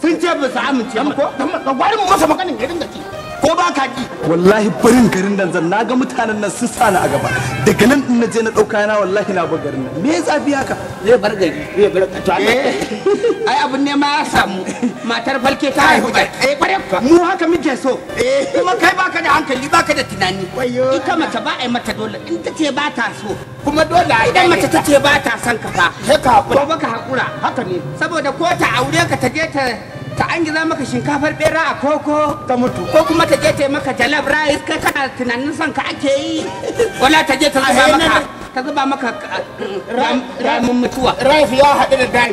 sun ce ba su amince ba ko dan gwarin masa maganin garin da ke ko ba ka ki wallahi barin garin nan zan naga mutanen nan sun sani a gaba daga nan din naje na dauka na wallahi na bar garin nan me ya zafi haka zai bar gari zai bar ka to eh. ai abun ne ma ya samu matar falke ta haihu ba eh bare eh, mu haka muke so eh. kuma kai baka da hankali baka da tunani ita mace ba ai mata dole in ta ce ba ta so kuma dole ai idan mace ta ce ba ta son ka fa sai ka ko baka hakura haka ne saboda ko ta aure ka ta je ta ta an gina maka shinkafar bera a koko ta mutu ko kuma ta je ta maka jalab rice kai kana tunanin son ka ake yi wala ta je ta zuba maka ta zuba maka uh, ramin mutuwa rice ya haɗu da dai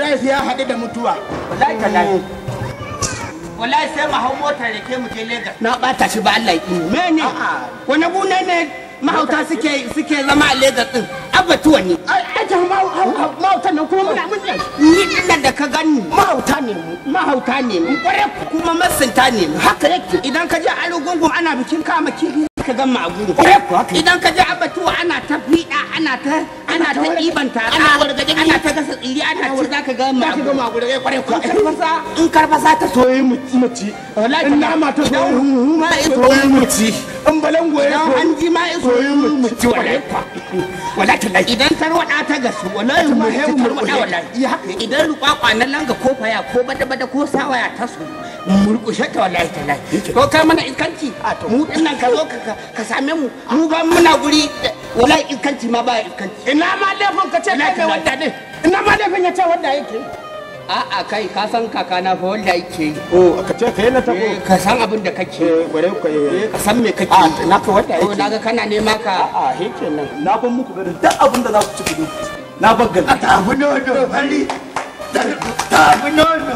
rice ya haɗu da mutuwa wallahi tallahi mm. wallahi sai mu hau motar da ke mu je Lagos na bata shi ba Allah ya yi me ne wani gunai ne mahauta suke suke zama a Legas din abatuwa ne aje mahauta ne kuma muna mun ni dinnan da ka gani mahauta ne mahauta ne kuma masunta ne haka yake idan ka je a rugungun ana bikin kama kiri ka gama a gudu idan ka ji abatuwa ana ta fiɗa ana ta ana ta ɗiban tara ana wargaje ana ta gasa tsiri ana ci za ka gama a gudu in karfasa ta soyi muci in nama ta soye soyi ma ya soyi muci in balango ya soyi ma ya soyi muci wallahi wallahi tallahi idan tarwada ta gasu wallahi muci tarwada wallahi idan rukwakwa na langa ko faya ko bada bada ko sawaya ta soyi murkushe ta wallahi tallahi ko ka mana iskanci mu dinnan ka zo ka same mu mu ba muna guri wallahi iskanci ma ba iskanci ina ma laifin ka ce kai ne wanda ne ina ma laifin ya ce wanda yake a'a kai ka san kakana fa wanda yake o ka ce kai na tabo eh, ka san abin da kake eh, ku eh, ka san me kake na ka wanda yake na kana nema ka a'a shi na ban muku garin duk abin da za ku ci gudu na baggan a tafi da wani fari nono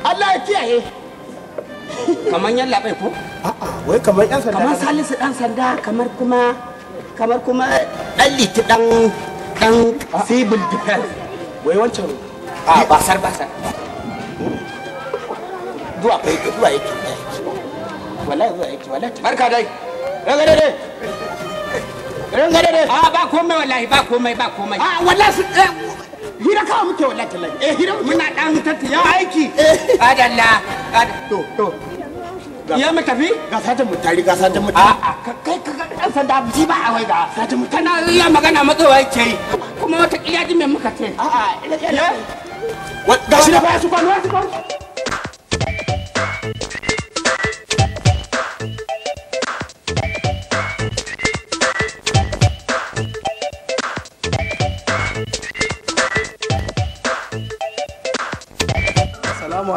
alhamdulillah kamar yan labai ko a'a wai kamar yan sanda kamar salisu dan sanda kamar kuma kamar kuma dan liti dan dan civil defense wai wancan a basar basar zuwa kai zuwa yake wallahi zuwa yake wallahi barka dai daga dade daga dade ah, ba komai wallahi ba komai ba komai a ah, wallahi su eh, hira kawai muke wallahi tallahi eh hira muna dan tattaya aiki eh. adalla to to ya mu tafi ga sata mu tari ga sata mu a a kai ka ga dan sanda ji ba a wai ga sata mu tana ya magana matsowa yake kuma wata kiyaji me muka ce a a eh? ga shi da ba su kwano su kwano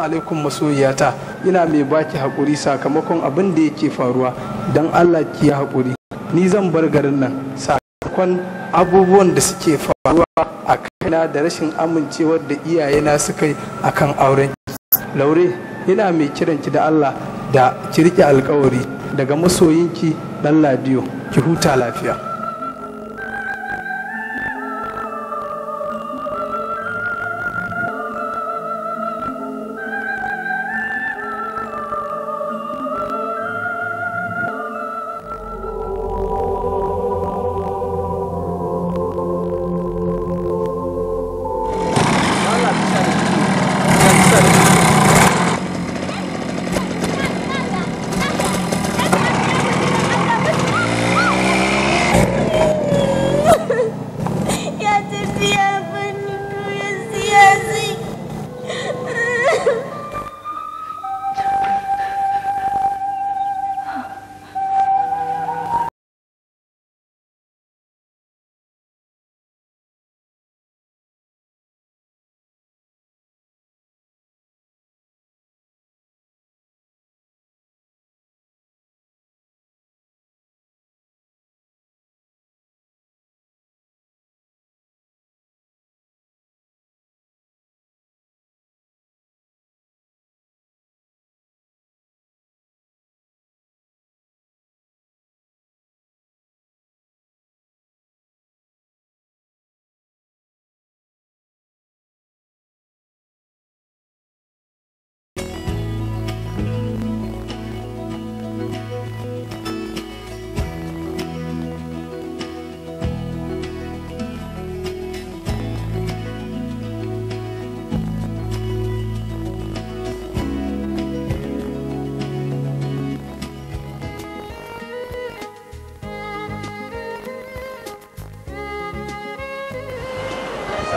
alaikum masoyiyata ina mai baki haƙuri sakamakon abin da yake faruwa don Allah ki haƙuri ni zan bar garin nan sakamakon abubuwan da suke faruwa a kaina da rashin amincewar da iyayena suka yi a kan auren laure ina mai kiranki da Allah da ki riƙe alƙawari daga masoyinki dan ladiyo ki huta lafiya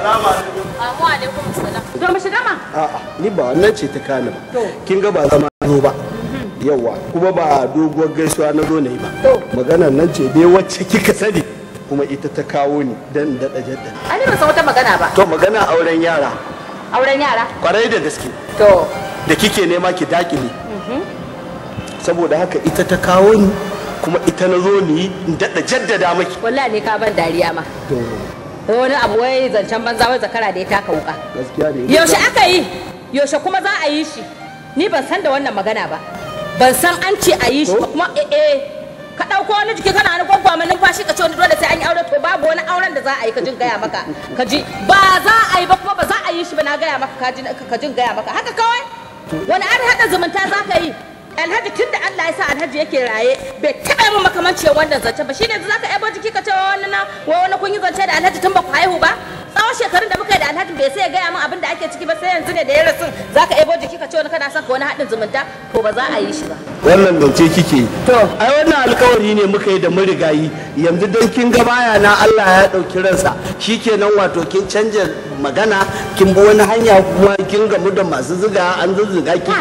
To mu shiga A'a, ni ba wannan ce ta kana ba. Kin ga ba zama zo ba. Yawwa, kuma ba doguwar gaisuwa na zo yi ba. magana nan ce dai wacce kika sani kuma ita ta kawo ni dan daɗa jadda. Ai ba san wata magana ba. To magana auren yara. Auren yara? Kwarai da gaske. To. Da kike nema ki dakile. Mhm. Saboda haka ita ta kawo ni kuma ita na zo ni in daɗa jaddada maki. Wallahi ne ka ban dariya ma. wani abu wai zancen banza wai zakara da ya taka wuka yaushe aka yi yaushe kuma za a yi shi ni ban san da wannan magana ba ban san an ce a yi shi kuma eh, eh ka ɗauko wani jiki kana wani gwaggwa mai numfashi ka ce wani dole sai an yi aure to babu wani auren da za a yi ka jin gaya maka ka ji ba za a yi ba kuma ba za a yi shi ba na gaya maka ka jin gaya maka haka kawai wani an haɗa zumunta za ka yi alhaji tun da Allah ya sa alhaji yake raye bai taɓa mun makamancin wannan zance ba shine za ka yabo jiki ka ce wani na wani kun yi zance da alhaji tun ba ku haihu ba tsawon shekarun da muka yi da alhaji bai sai ya gaya min abin da ake ciki ba sai yanzu ne da ya rasu zaka ka yabo jiki ka ce wani kana son ka wani haɗin zumunta ko ba za a yi shi ba. wannan dauce kike yi ai wannan alkawari ne muka yi da rigayi yanzu dan kin ga baya na Allah ya ɗauki ransa shi shikenan wato kin canja magana kin bi wani hanya kuma kin gamu da masu zuga an zuzzuga ki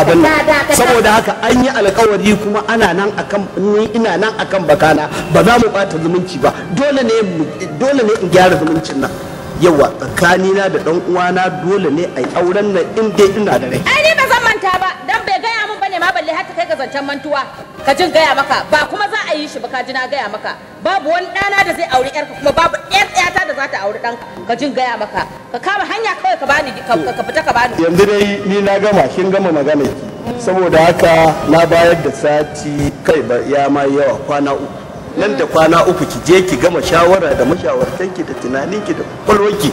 abin saboda haka an yi alkawari kuma ana nan akan ni ina nan akan bakana ba za mu bata zumunci ba dole ne dole ne in gyara zumuncin nan yawa tsakanina da dan uwana dole ne a auren nan in dai ina da rai ai ni ba zan manta ba dan bai gaya ne ma balle har kai ga zancen mantuwa ka jin gaya maka ba kuma za a yi shi ba ka ji na gaya maka babu wani ɗana da zai auri yarka kuma babu ɗan ɗata da za ta auri ɗanka ka jin gaya maka ka kama hanya kawai ka bani ka fita ka bani yanzu dai ni na gama kin gama magana saboda haka na bayar da sati kai ba ya ma yawa kwana uku nan da kwana uku ki je ki gama shawara da mashawartanki da tunaninki da kwalwanki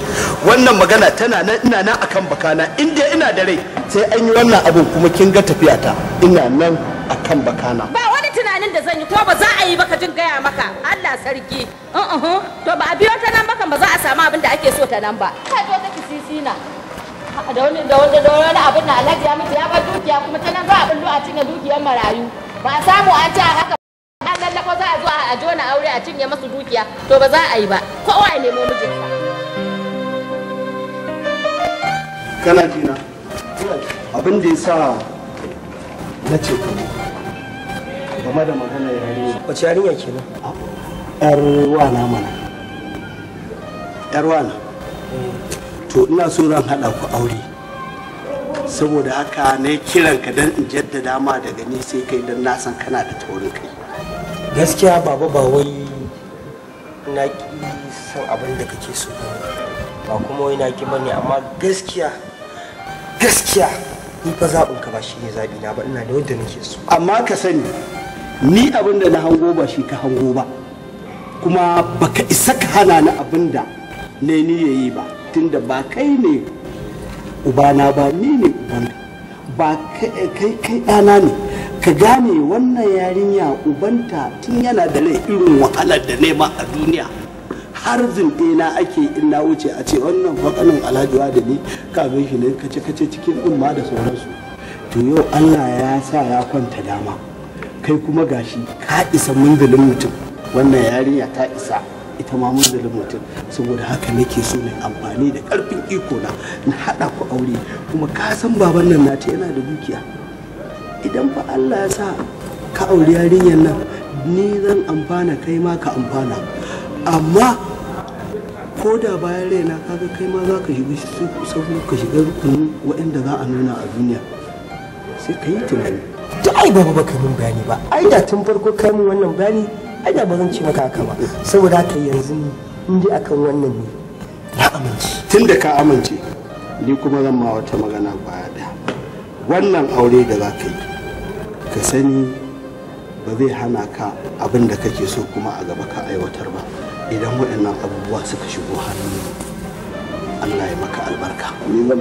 wannan magana tana nan ina nan akan bakana in dai ina da rai sai an yi wannan abin kuma kin ga tafiya ta ina nan akan bakana ba wani tunanin da zan yi ko ba za a yi baka jin gaya maka Allah sarki uh-uh. to ba a biyo ta nan maka ba za a samu abin da ake so ta nan ba kai zo kake na da wani da wani da wani abin da Alhaji ya miki ya bar dukiya kuma ta nan ba abin a cinye dukiyar marayu ba a samu an ci haka a wani aure a cinye masu dukiya to ba za a yi ba kowa a nemo mijinsa kana jina abin da ya sa na ce ku game da magana ya yarinya wace yarinya ke nan yar wana mana yar wana to ina so zan haɗa ku aure saboda haka ne kiranka don in jaddada ma daga ni sai kai don na san kana da taurin kai gaskiya baba ba wai na ki san abin da kake so ba kuma wai na ki bane amma gaskiya gaskiya ni fa zaɓin ka ba shi ne zaɓi na ba ina da wanda nake so amma ka sani ni abin da na hango ba shi ka hango ba kuma baka isa ka hana ni abin da ne ni yayi ba tunda ba kai ne ubana ba ni ne ubanka ba kai kai ɗana ne ka gane wannan yarinya ubanta tun yana da rai irin wahalar da nema a duniya har zinde na ake in na wuce a ce wannan fakanin alhajiwa da ni kafin shi ne kace kace cikin umma da sauransu to yau Allah ya sa ya kwanta dama kai kuma gashi ka isa munzulin mutum wannan yarinya ta isa ita ma munzulin mutum saboda haka nake so na amfani da karfin iko na na haɗa ku aure kuma ka san baban nan na ta yana da dukiya idan fa Allah ya sa ka auri yarinyar nan ni zan amfana kai ma ka amfana amma ko da bayan raina kaga kai ma za ka shiga sahu ka shiga rukunin waɗanda za a nuna a duniya sai ka yi tunani Da ai ba ba ka min bayani ba ai da tun farko kai min wannan bayani ai da ba zan ce maka haka ba saboda haka yanzu in dai akan wannan ne na amince tun da ka amince ni kuma zan ma wata magana baya da wannan aure da za ka yi ka sani ba zai hana ka abin da kake so kuma a gaba ka aiwatar ba idan waɗannan abubuwa suka shigo hannu allah ya maka albarka ni zan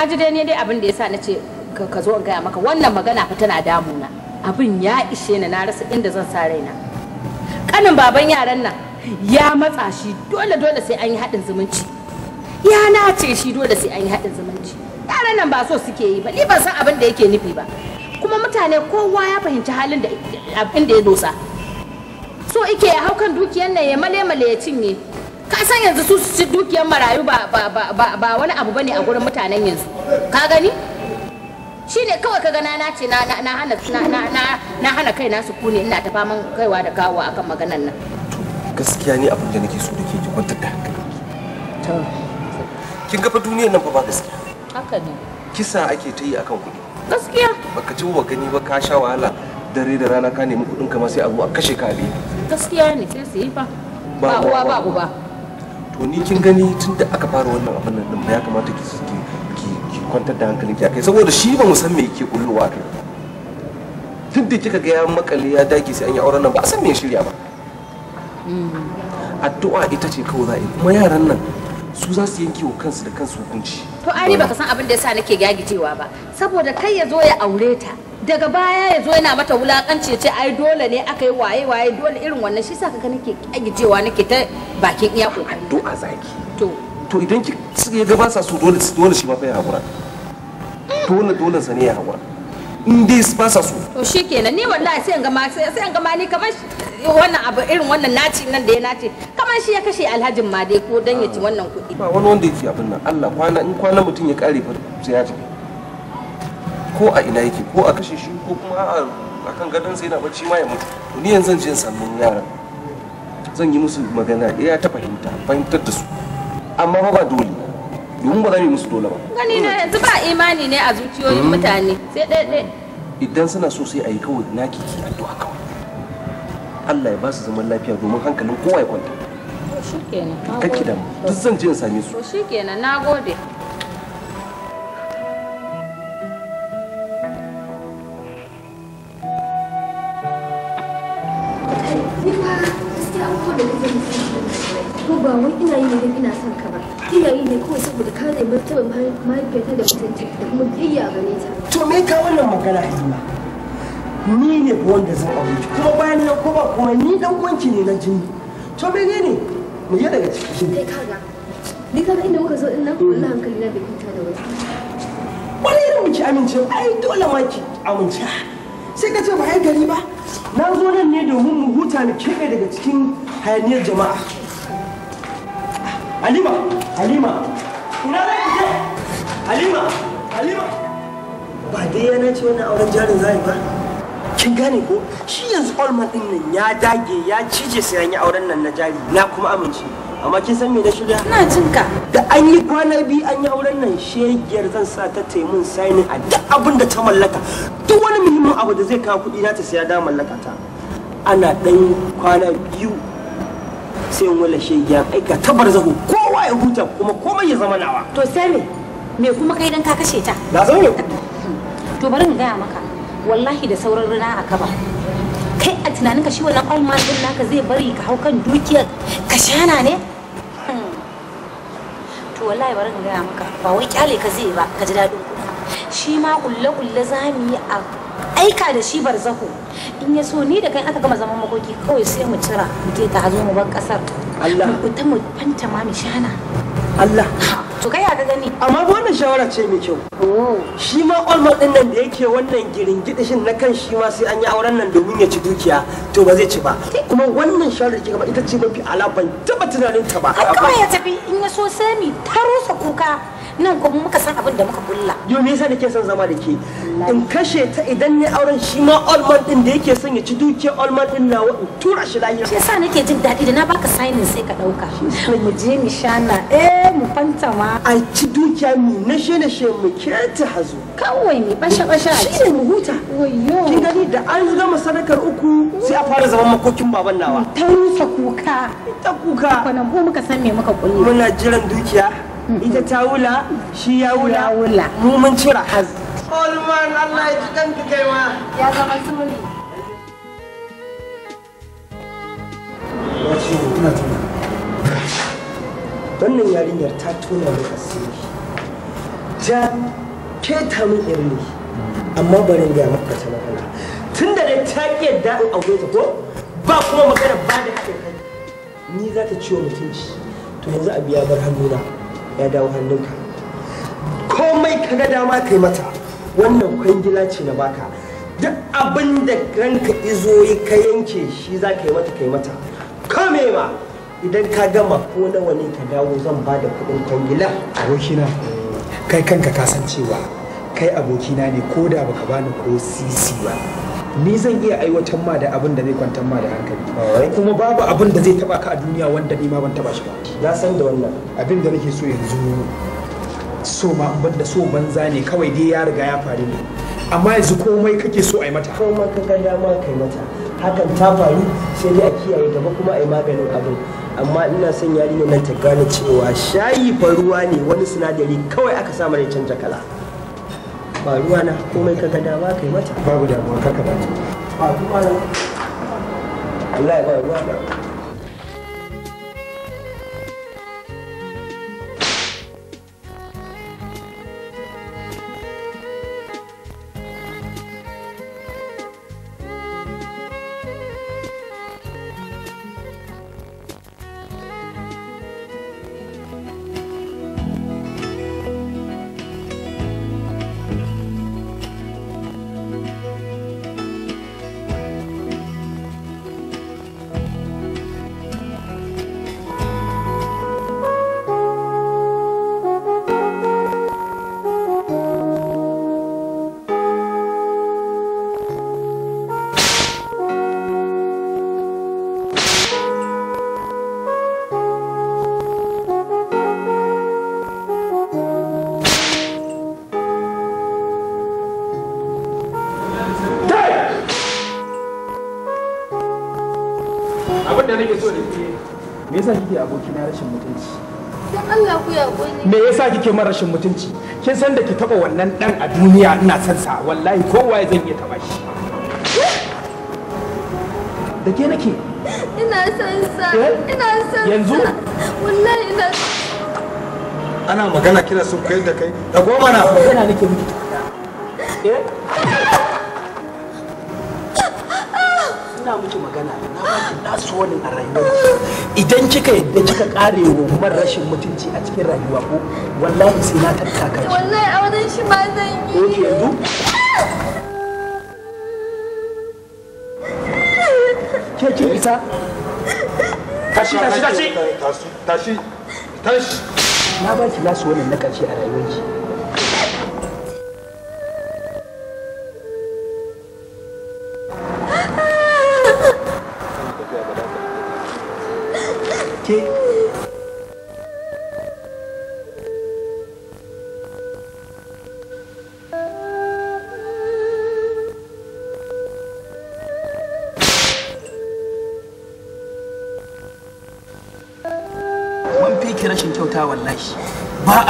na ji dai ne dai abin da yasa na ce ka zo in gaya maka wannan magana fa tana damuna abin ya ishe ni na rasa inda zan sa raina kanin baban yaran nan ya matsa shi dole dole sai an yi haɗin zumunci ya nace shi dole sai an yi haɗin zumunci yaran nan ba so suke yi ba ni ban san abin da yake nufi ba kuma mutane kowa ya fahimci halin da abin da ya dosa so ike ya hau kan dukiyar nan ya male male ya cinye ka san yanzu su su dukiyar marayu ba ba wani abu bane a gurin mutanen yanzu ka gani shine kawai kaga na ce na na hana na hana kai na su kune ina ta faman kaiwa da kawo akan maganar nan gaskiya ni abin da nake so da ke ki kwantar da haka to kin ga fa duniyar nan fa ba gaskiya haka ne kisa ake ta yi akan kuɗi gaskiya baka ci wa gani ba ka sha wahala dare da rana ka nemi kuɗin ka ma sai a zo a kashe ka gaskiya ne sai su yi fa ba uwa ba uba to ni kin gani tun da aka fara wannan abin nan din ya kamata ki ki kwantar da hankalin ki akai saboda shi ba mu san me yake kullowa kai tun da kika ga ya makale ya dage sai an yi auren nan ba san me shirya ba addu'a ita ce kawai za'a yi kuma yaran nan su za su yanke wa kansu da kansu hukunci to ai baka san abin da yasa nake gagicewa ba saboda kai ya zo ya aure ta daga baya ya zo yana mata wulakanci ce ai dole ne aka yi waye waye dole irin wannan shi sa ka nake cewa nake ta bakin iya kokari a zaki to to idan ki ya gaba sa su dole dole shi ma fa ya hakura dole dole sa ne ya hakura in dai ba sa su. to shikenan ni wallahi sai in ga ma sai in ga ma ni kamar wannan abu irin wannan naci nan da ya nace kamar shi ya kashe alhajin ma dai ko dan ya ci wannan kuɗi ba wani wanda yake abin nan Allah kwana in kwana mutun ya kare fa sai ya tafi ko a ina yake ko a kashe shi ko kuma a kan gadon sai na bacci ma ya mutu to ni yanzu je sannan yaran zan yi musu magana iya eh, ta fahimta fahimtar da su amma ba ba dole domin ba za mu yi musu dole ba gani na yanzu ba imani ne a zuciyoyin hmm? mutane sai ɗaiɗai idan suna so sai a yi kawai na kiki addu'a kawai Allah ya ba su zaman lafiya domin hankalin kowa ya kwanta shikenan Kake da mu duk zan je in same su to shikenan nagode don ina son ka ba ina ne kawai saboda kare martaban mahaifiyata da mutunci da kuma biyayya a gare ta to me ka wannan magana halima ni ne wanda zan aure ki kuma bayan nan ko ba kuma ni dan wanki ne na jini to ne mu yi daga cikin kai kaga ni kaga inda muka zo din nan wallahi hankali na bai kwanta da wani wani irin muke amince ai dole ma ki amince sai ka ce ba ai gari ba na zo nan ne domin mu huta mu keɓe daga cikin hayaniyar jama'a Halima, Halima, ina za ki je? Halima, Halima. Ba dai yana ce wannan auren jarin zai ba. Kin gane ko? Shi yanzu Olman din nan ya dage ya cije sai an yi auren nan na jari. Na kuma amince. Amma kin san me na shirya? Ina jin ka. Da an yi kwana biyu an yi auren nan shegiyar zan sa ta taimun sainin a duk abin da ta mallaka. Duk wani muhimmin abu da zai kawo kuɗi na ta sai da mallaka ta. Ana ɗan kwana biyu sai in wala shi ya aika tabar zahu kowa ya huta kuma komai ya zama nawa to sai me me kuma kai dan ka kashe ta na zo ne to bari in gaya maka wallahi da sauran rana a kaba kai a ka shi wannan oil man din naka zai bari ka hau kan dukiyar ka shana ne hmm. to wallahi bari in gaya maka ba wai kyale ka zai ba ka ji daɗin kuɗi shi ma kulle-kulle za mu yi a aika da shi barzahu in ya so ni da kai aka gama zaman makoki kawai sai mu cira mu je ta zo mu bar kasar Allah mu ta mu fanta ma mi shana Allah to kai ya gani amma wannan shawara ce mai kyau oh. shi ma olmo din nan da yake wannan shin na kan shi ma sai an yi auren nan domin ya ci dukiya to ba zai ci ba kuma wannan shawara ke gaba ita ce mafi ala ban taba tunanin ta ba haka ya tafi in ya so sai mi taro sa kuka nan kuma muka san abin da muka bulla. yo me yasa nake son zama da ke in kashe ta idan ne auren shi ma man din da yake son ya ci duke almond din nawa in tura shi lahira shi yasa nake jin daɗi da na baka signing sai ka ɗauka mu je mu shana eh mu fanta ma a ci dukiya mu na she na she mu kirta hazo kawai mu basha basha shi ne mu huta wayo kin gani da an gama sadakar uku sai a fara zaman makokin baban nawa ta rusa kuka ta kuka kwanan ko muka san me muka kulle muna jiran dukiya ita ta wula shi ya wula wula mu mun cira az Olman Allah ya ji kanka kai ma ya zama sumuni wannan yarinyar ta tona da asiri ja keta min irin amma barin in ga maka ta magana tun da ta ki yadda aure ta ko ba kuma magana ba da haɗin kai ni za ta ciwo mutunci to yanzu a biya bar hannuna ya dawo hannunka komai ka ga dama kai mata wannan kwangila ce na baka duk abin da ranka izo yi ka yanke shi za ka yi mata kai mata kame ma idan ka gama ko nawa ne ka dawo zan ba da kuɗin kwangila abokina kai kanka kasancewa kai abokina ne ko da baka bani ko sisi ba ni zan iya aiwatar ma da abin da zai kwantar ma da hankali kuma babu abin da zai taba ka a duniya wanda ni ma ban taba shi ba na san da wannan abin da nake so yanzu so ma da so banza ne kawai dai ya riga ya faru ne amma yanzu komai kake so a yi mata komai ka ga dama kai mata hakan ta faru sai dai a kiyaye gaba kuma a yi maganin abin amma ina son yarinya nan ta gane cewa shayi fa ruwa ne wani sinadari kawai aka sa mana canja kala ba ruwa na komai ka ga dama kai mata babu damuwa kaka ba ba ruwa na Allah ya ba ruwa na yasa kike abokina rashin mutunci dan Allah ku ya me yasa kike min rashin mutunci kin san da ki taba wannan dan a duniya ina son sa wallahi kowa zan iya taba shi da ke nake ina son sa eh? ina son yanzu wallahi ina ana magana kina so kai da kai da goma na magana nake miki eh na a rayuwa idan kika yadda kika kare wa kuma rashin mutunci a cikin rayuwa ko wallahi sai na tattaka shi wallahi a wajen shi ma zan yi ko yanzu ke isa tashi tashi tashi tashi tashi na ba ki lasu wannan na karshe a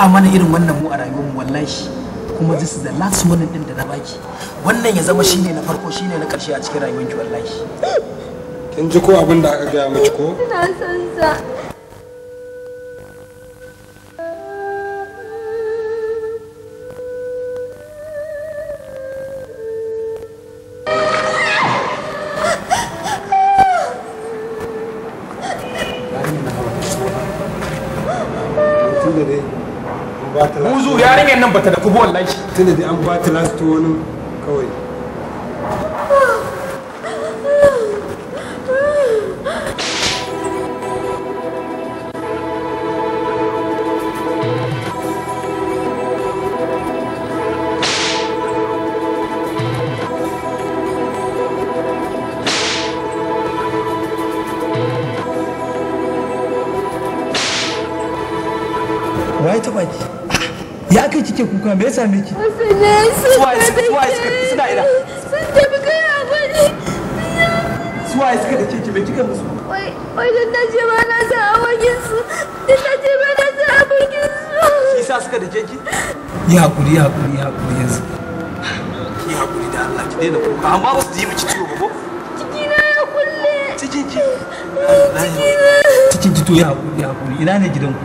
a mana irin wannan mu a rayuwar mu wallahi kuma this is the last warning din da na baki wannan ya zama shine na farko shine na karshe a cikin rayuwar ki wallahi kin ji ko abin da aka gaya miki ko ina son sa nan bata da kubo wallahi tunda dai an ba ta last wani kawai kuma me yasa miki suna ina sun tafi kai a gwani suwaye suka da keke kika musu wai dan na je ba na sa a wajen su dan je ba na sa a wajen su shi sa suka da keke ya hakuri ya hakuri ya hakuri yanzu ki hakuri da Allah ki daina kuka amma ba su yi miki ciwo ba ko na ya kulle Ciki ki Ciki ki to ya hakuri ya hakuri ina ne gidanku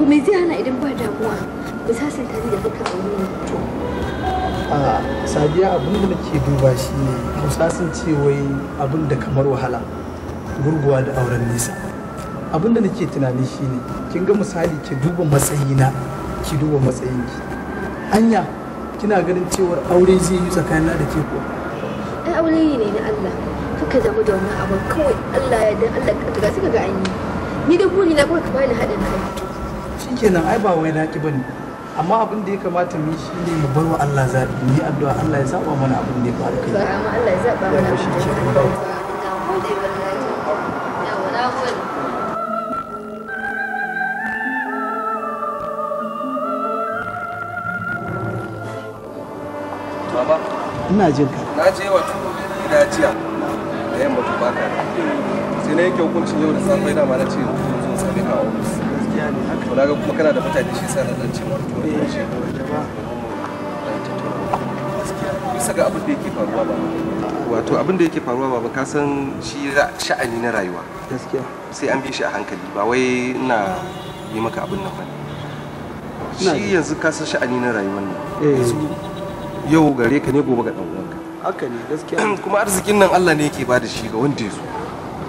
to me zai hana idan ba damuwa ku sasanta ni da duka a wuri a sadiya abin da nake duba shi ne ku sasance wai abin da kamar wahala gurguwa da auren nisa abin da nake tunani shi ne kin ga misali ki duba matsayina ki duba matsayinki anya kina ganin cewar aure zai yi tsakanina da ke ko ai aure ne na Allah kaka damu da wannan abin kawai Allah ya dan Allah ka ga suka ga an yi ni da buri na kawai ka bani haɗin kai shikenan ai ba wai naki bane amma abin da ya kamata mu shi ne mu bar wa Allah zabi mu yi addu'a Allah ya saba mana abin da ya faru kai amma Allah ya saba mana shi ke ina jin ka. Na je wa tuku da jiya da yamma to baka. Sai na yake hukuncin yau da safe da ma na ce zo sami ka ofis. gaskiya ne haka to kuma kana da mutane shi ce eh, shi bisa ga abin da yake faruwa ba wato abin da yake faruwa ba ka san shi sha'ani na rayuwa gaskiya sai an bi shi a hankali ba wai ina yi maka abin nan bane shi yanzu ka san sha'ani na rayuwar nan eh. yau gare ka ne gobe ga dan uwanka haka ne gaskiya kuma arzikin nan Allah ne yake bada shi ga wanda ya zo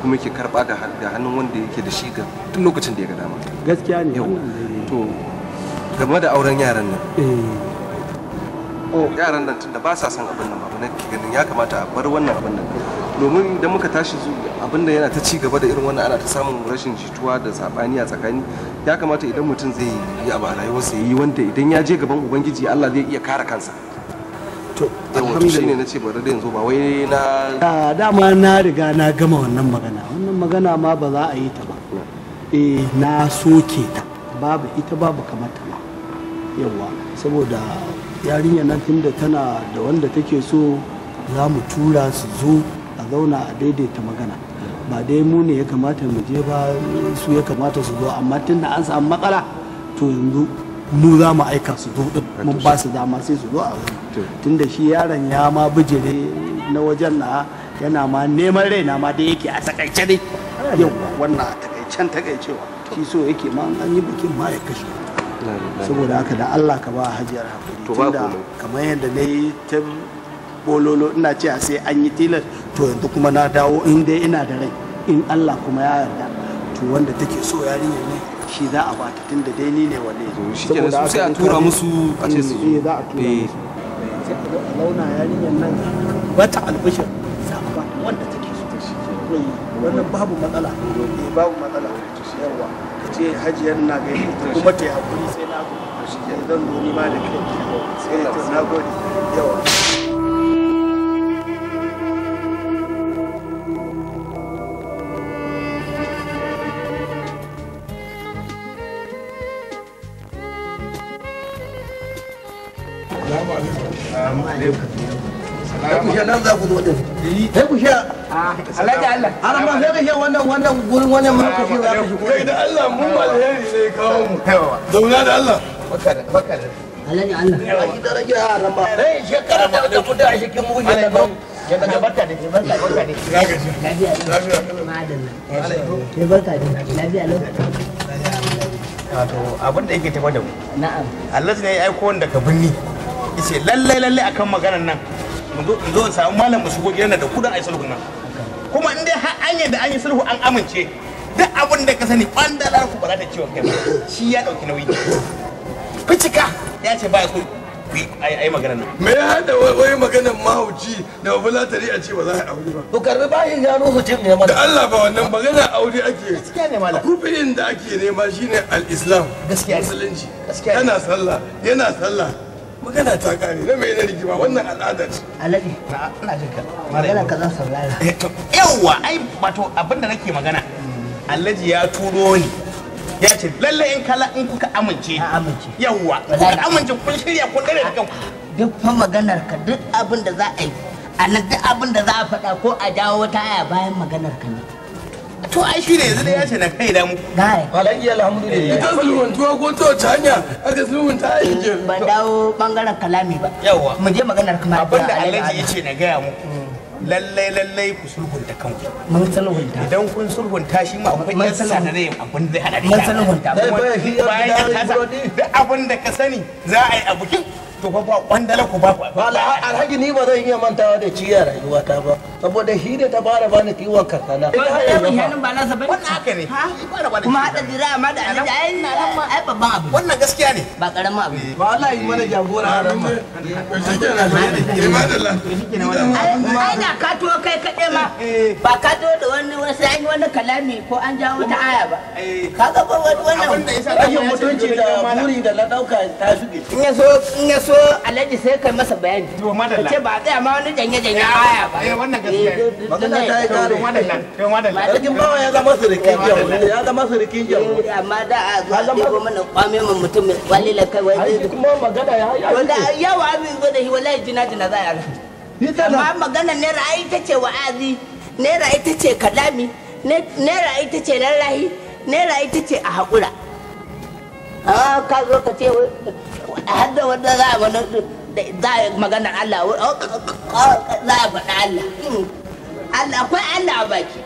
kuma yake karba da hannun wanda yake da shi ga tun lokacin da ya ga dama gaskiya ne to game da auren yaran nan eh. oh, yaran nan tunda ba sa son abin nan ba nake ganin ya kamata a bar wannan abin nan domin idan muka tashi abin da yana ta ci gaba da irin wannan ana ta samun rashin jituwa da sabani a tsakani ya kamata idan mutum zai yi abu a rayuwarsa yi wanda idan ya je gaban ubangiji Allah zai iya kare kansa to alhamdulillah na ce bari da yanzu ba wai na ah, dama na riga na gama wannan magana wannan magana ma ba za a yi ta ba eh na soke ta babu ita babu kamata ba yawa saboda yarinya nan tunda tana da wanda take so za mu tura su zo a zauna a daidaita magana ba dai mu ne ya kamata mu je ba su ya kamata su zo amma tunda an samu matsala to yanzu mu za mu aika su zo mun ba su dama sai su zo a wuri tunda shi yaron ya ma bijire na wajen na yana ma neman na ma da yake a takaice ne yau wannan a takaicen takaicewa shi so yake ma an yi bikin ma ya kashe saboda haka da Allah ka ba hajiyar hakuri tunda kamar yadda na yi ta bololo ina cewa sai an yi tilas to yanzu kuma na dawo in dai ina da rai in Allah kuma ya yarda to wanda take so yarinyar ne shi za a bata tun da dai ni ne wale shi ke da sai a tura musu a ce su eh, za a tura eh. musu a launa yarinyar nan bata albishir za a bata wanda take so ta shi wannan babu matsala eh babu matsala yawa ta ce hajiyar na ga ta kuma ta yi hakuri sai na gode eh, zan zo ni ma da kai sai ta na gode yawa daga nan za ku zo din sai ku sha alhaji Allah ana ma sai sha wannan wannan gurin wannan ku kai da Allah mun ba alheri ne kawo mu zauna da Allah baka da baka da alhaji Allah a shi daraja ba shekara da a shekin mu ne ya barka da barka da eh, eh, wato abin da yake tafa da mu na'am Allah ne ya aiko wanda ka binni yace lalle lalle akan maganar nan mu zo samu malam musu shigo gidan da kudin ayi sulhu nan kuma in dai har an yadda an sulhu an amince duk abin da ka sani kwandalar ku ba za ta ciwon kai ba shi ya dauki nauyi ficika ya ce ba ya sulhu ai magana nan me ya hada wai maganar mahauci da babulatari a ce ba za a aure ba to karbi bayin gano mutum ne ma da Allah ba wannan magana aure ake gaskiya ne malam kufin da ake nema shine al-islam gaskiya musulunci gaskiya yana sallah yana sallah magana ta kare na mai na rigima wannan al'ada ce alaɗi ina jin ka magana ka zan saurara eh, yawwa ai wato abinda nake magana alhaji ya turo ni ya ce lalle in kala in kuka amince amince yawwa kuka amince kun shirya kun dare da kanku duk fa maganar ka duk abin da za a yi a nan duk abin da za a faɗa ko a jawo ta aya bayan maganar ka ne to ai shi ne yanzu da ya ce na kai da mu gare alhaji alhamdulillah ita sulhuntuwa ko to ta hanya aka sulhunta ai ke mm, ban dawo bangaren kalami ba yawa mu je maganar kuma abin da alhaji ya ce na gaya muku mm. lallai lallai ku sulhunta kanku mun sulhunta idan kun sulhunta shi ma akwai yan sanare abin da hada mun sulhunta eh, bayan ka kasa duk abin da ka sani za a yi a bukin to ba ba kwandala ku ba alhaji ni ba zan iya mantawa da ciya rayuwa ta ba saboda shi da ta fara bani kiwon karkana ba ba na sa wannan haka ne kuma hada dira ma da alhaji ai na nan ma ai babban abu wannan gaskiya ne ba karamin abu ba wallahi mana jagora haram ai da ka kai kaɗai ma ba ka to da wani wasu an yi wani kalami ko an jawo ta aya ba ka ga ba wannan rashin mutunci da buri da na dauka ta shuge in ya so so alhaji sai kai masa bayani to madalla ce ba tsaya ma wani janye janye aya ba eh wannan gaskiya eh, eh, magana eh, ta yi kare madalla to madalla sarkin bawa ya zama surikin jamu ya zama surikin jamu amma da a zama ɗigo mana kwame mun mutum wali la kai wai kuma magana ya yi wanda yawa abin zo da shi wallahi jina jina za a ga amma magana ne ra'ayi ta ce wa'azi ne ra'ayi ta ce kalami ne ra'ayi ta ce lallahi ne ra'ayi ta ce a haƙura a ah, ka zo ka ce har wanda za a wani za a magana Allah za a faɗa Allah Allah akwai Allah a baki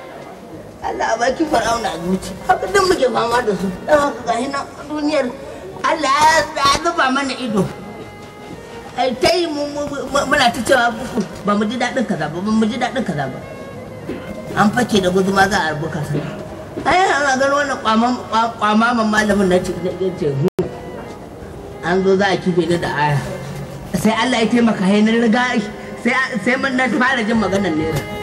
Allah a baki fara'una a zuci haka duk muke fama da su don haka ga hina duniyar Allah ya zuba mana ido ta yi muna ta cewa ba mu ji daɗin kaza ba ba mu ji daɗin kaza ba an fake da guzuma za a rubuka sana ai ana ganin wannan kwamaman malamin na ce an zo za a kife ni da aya sai Allah ya taimaka hainar riga sai na fara jin maganar nera.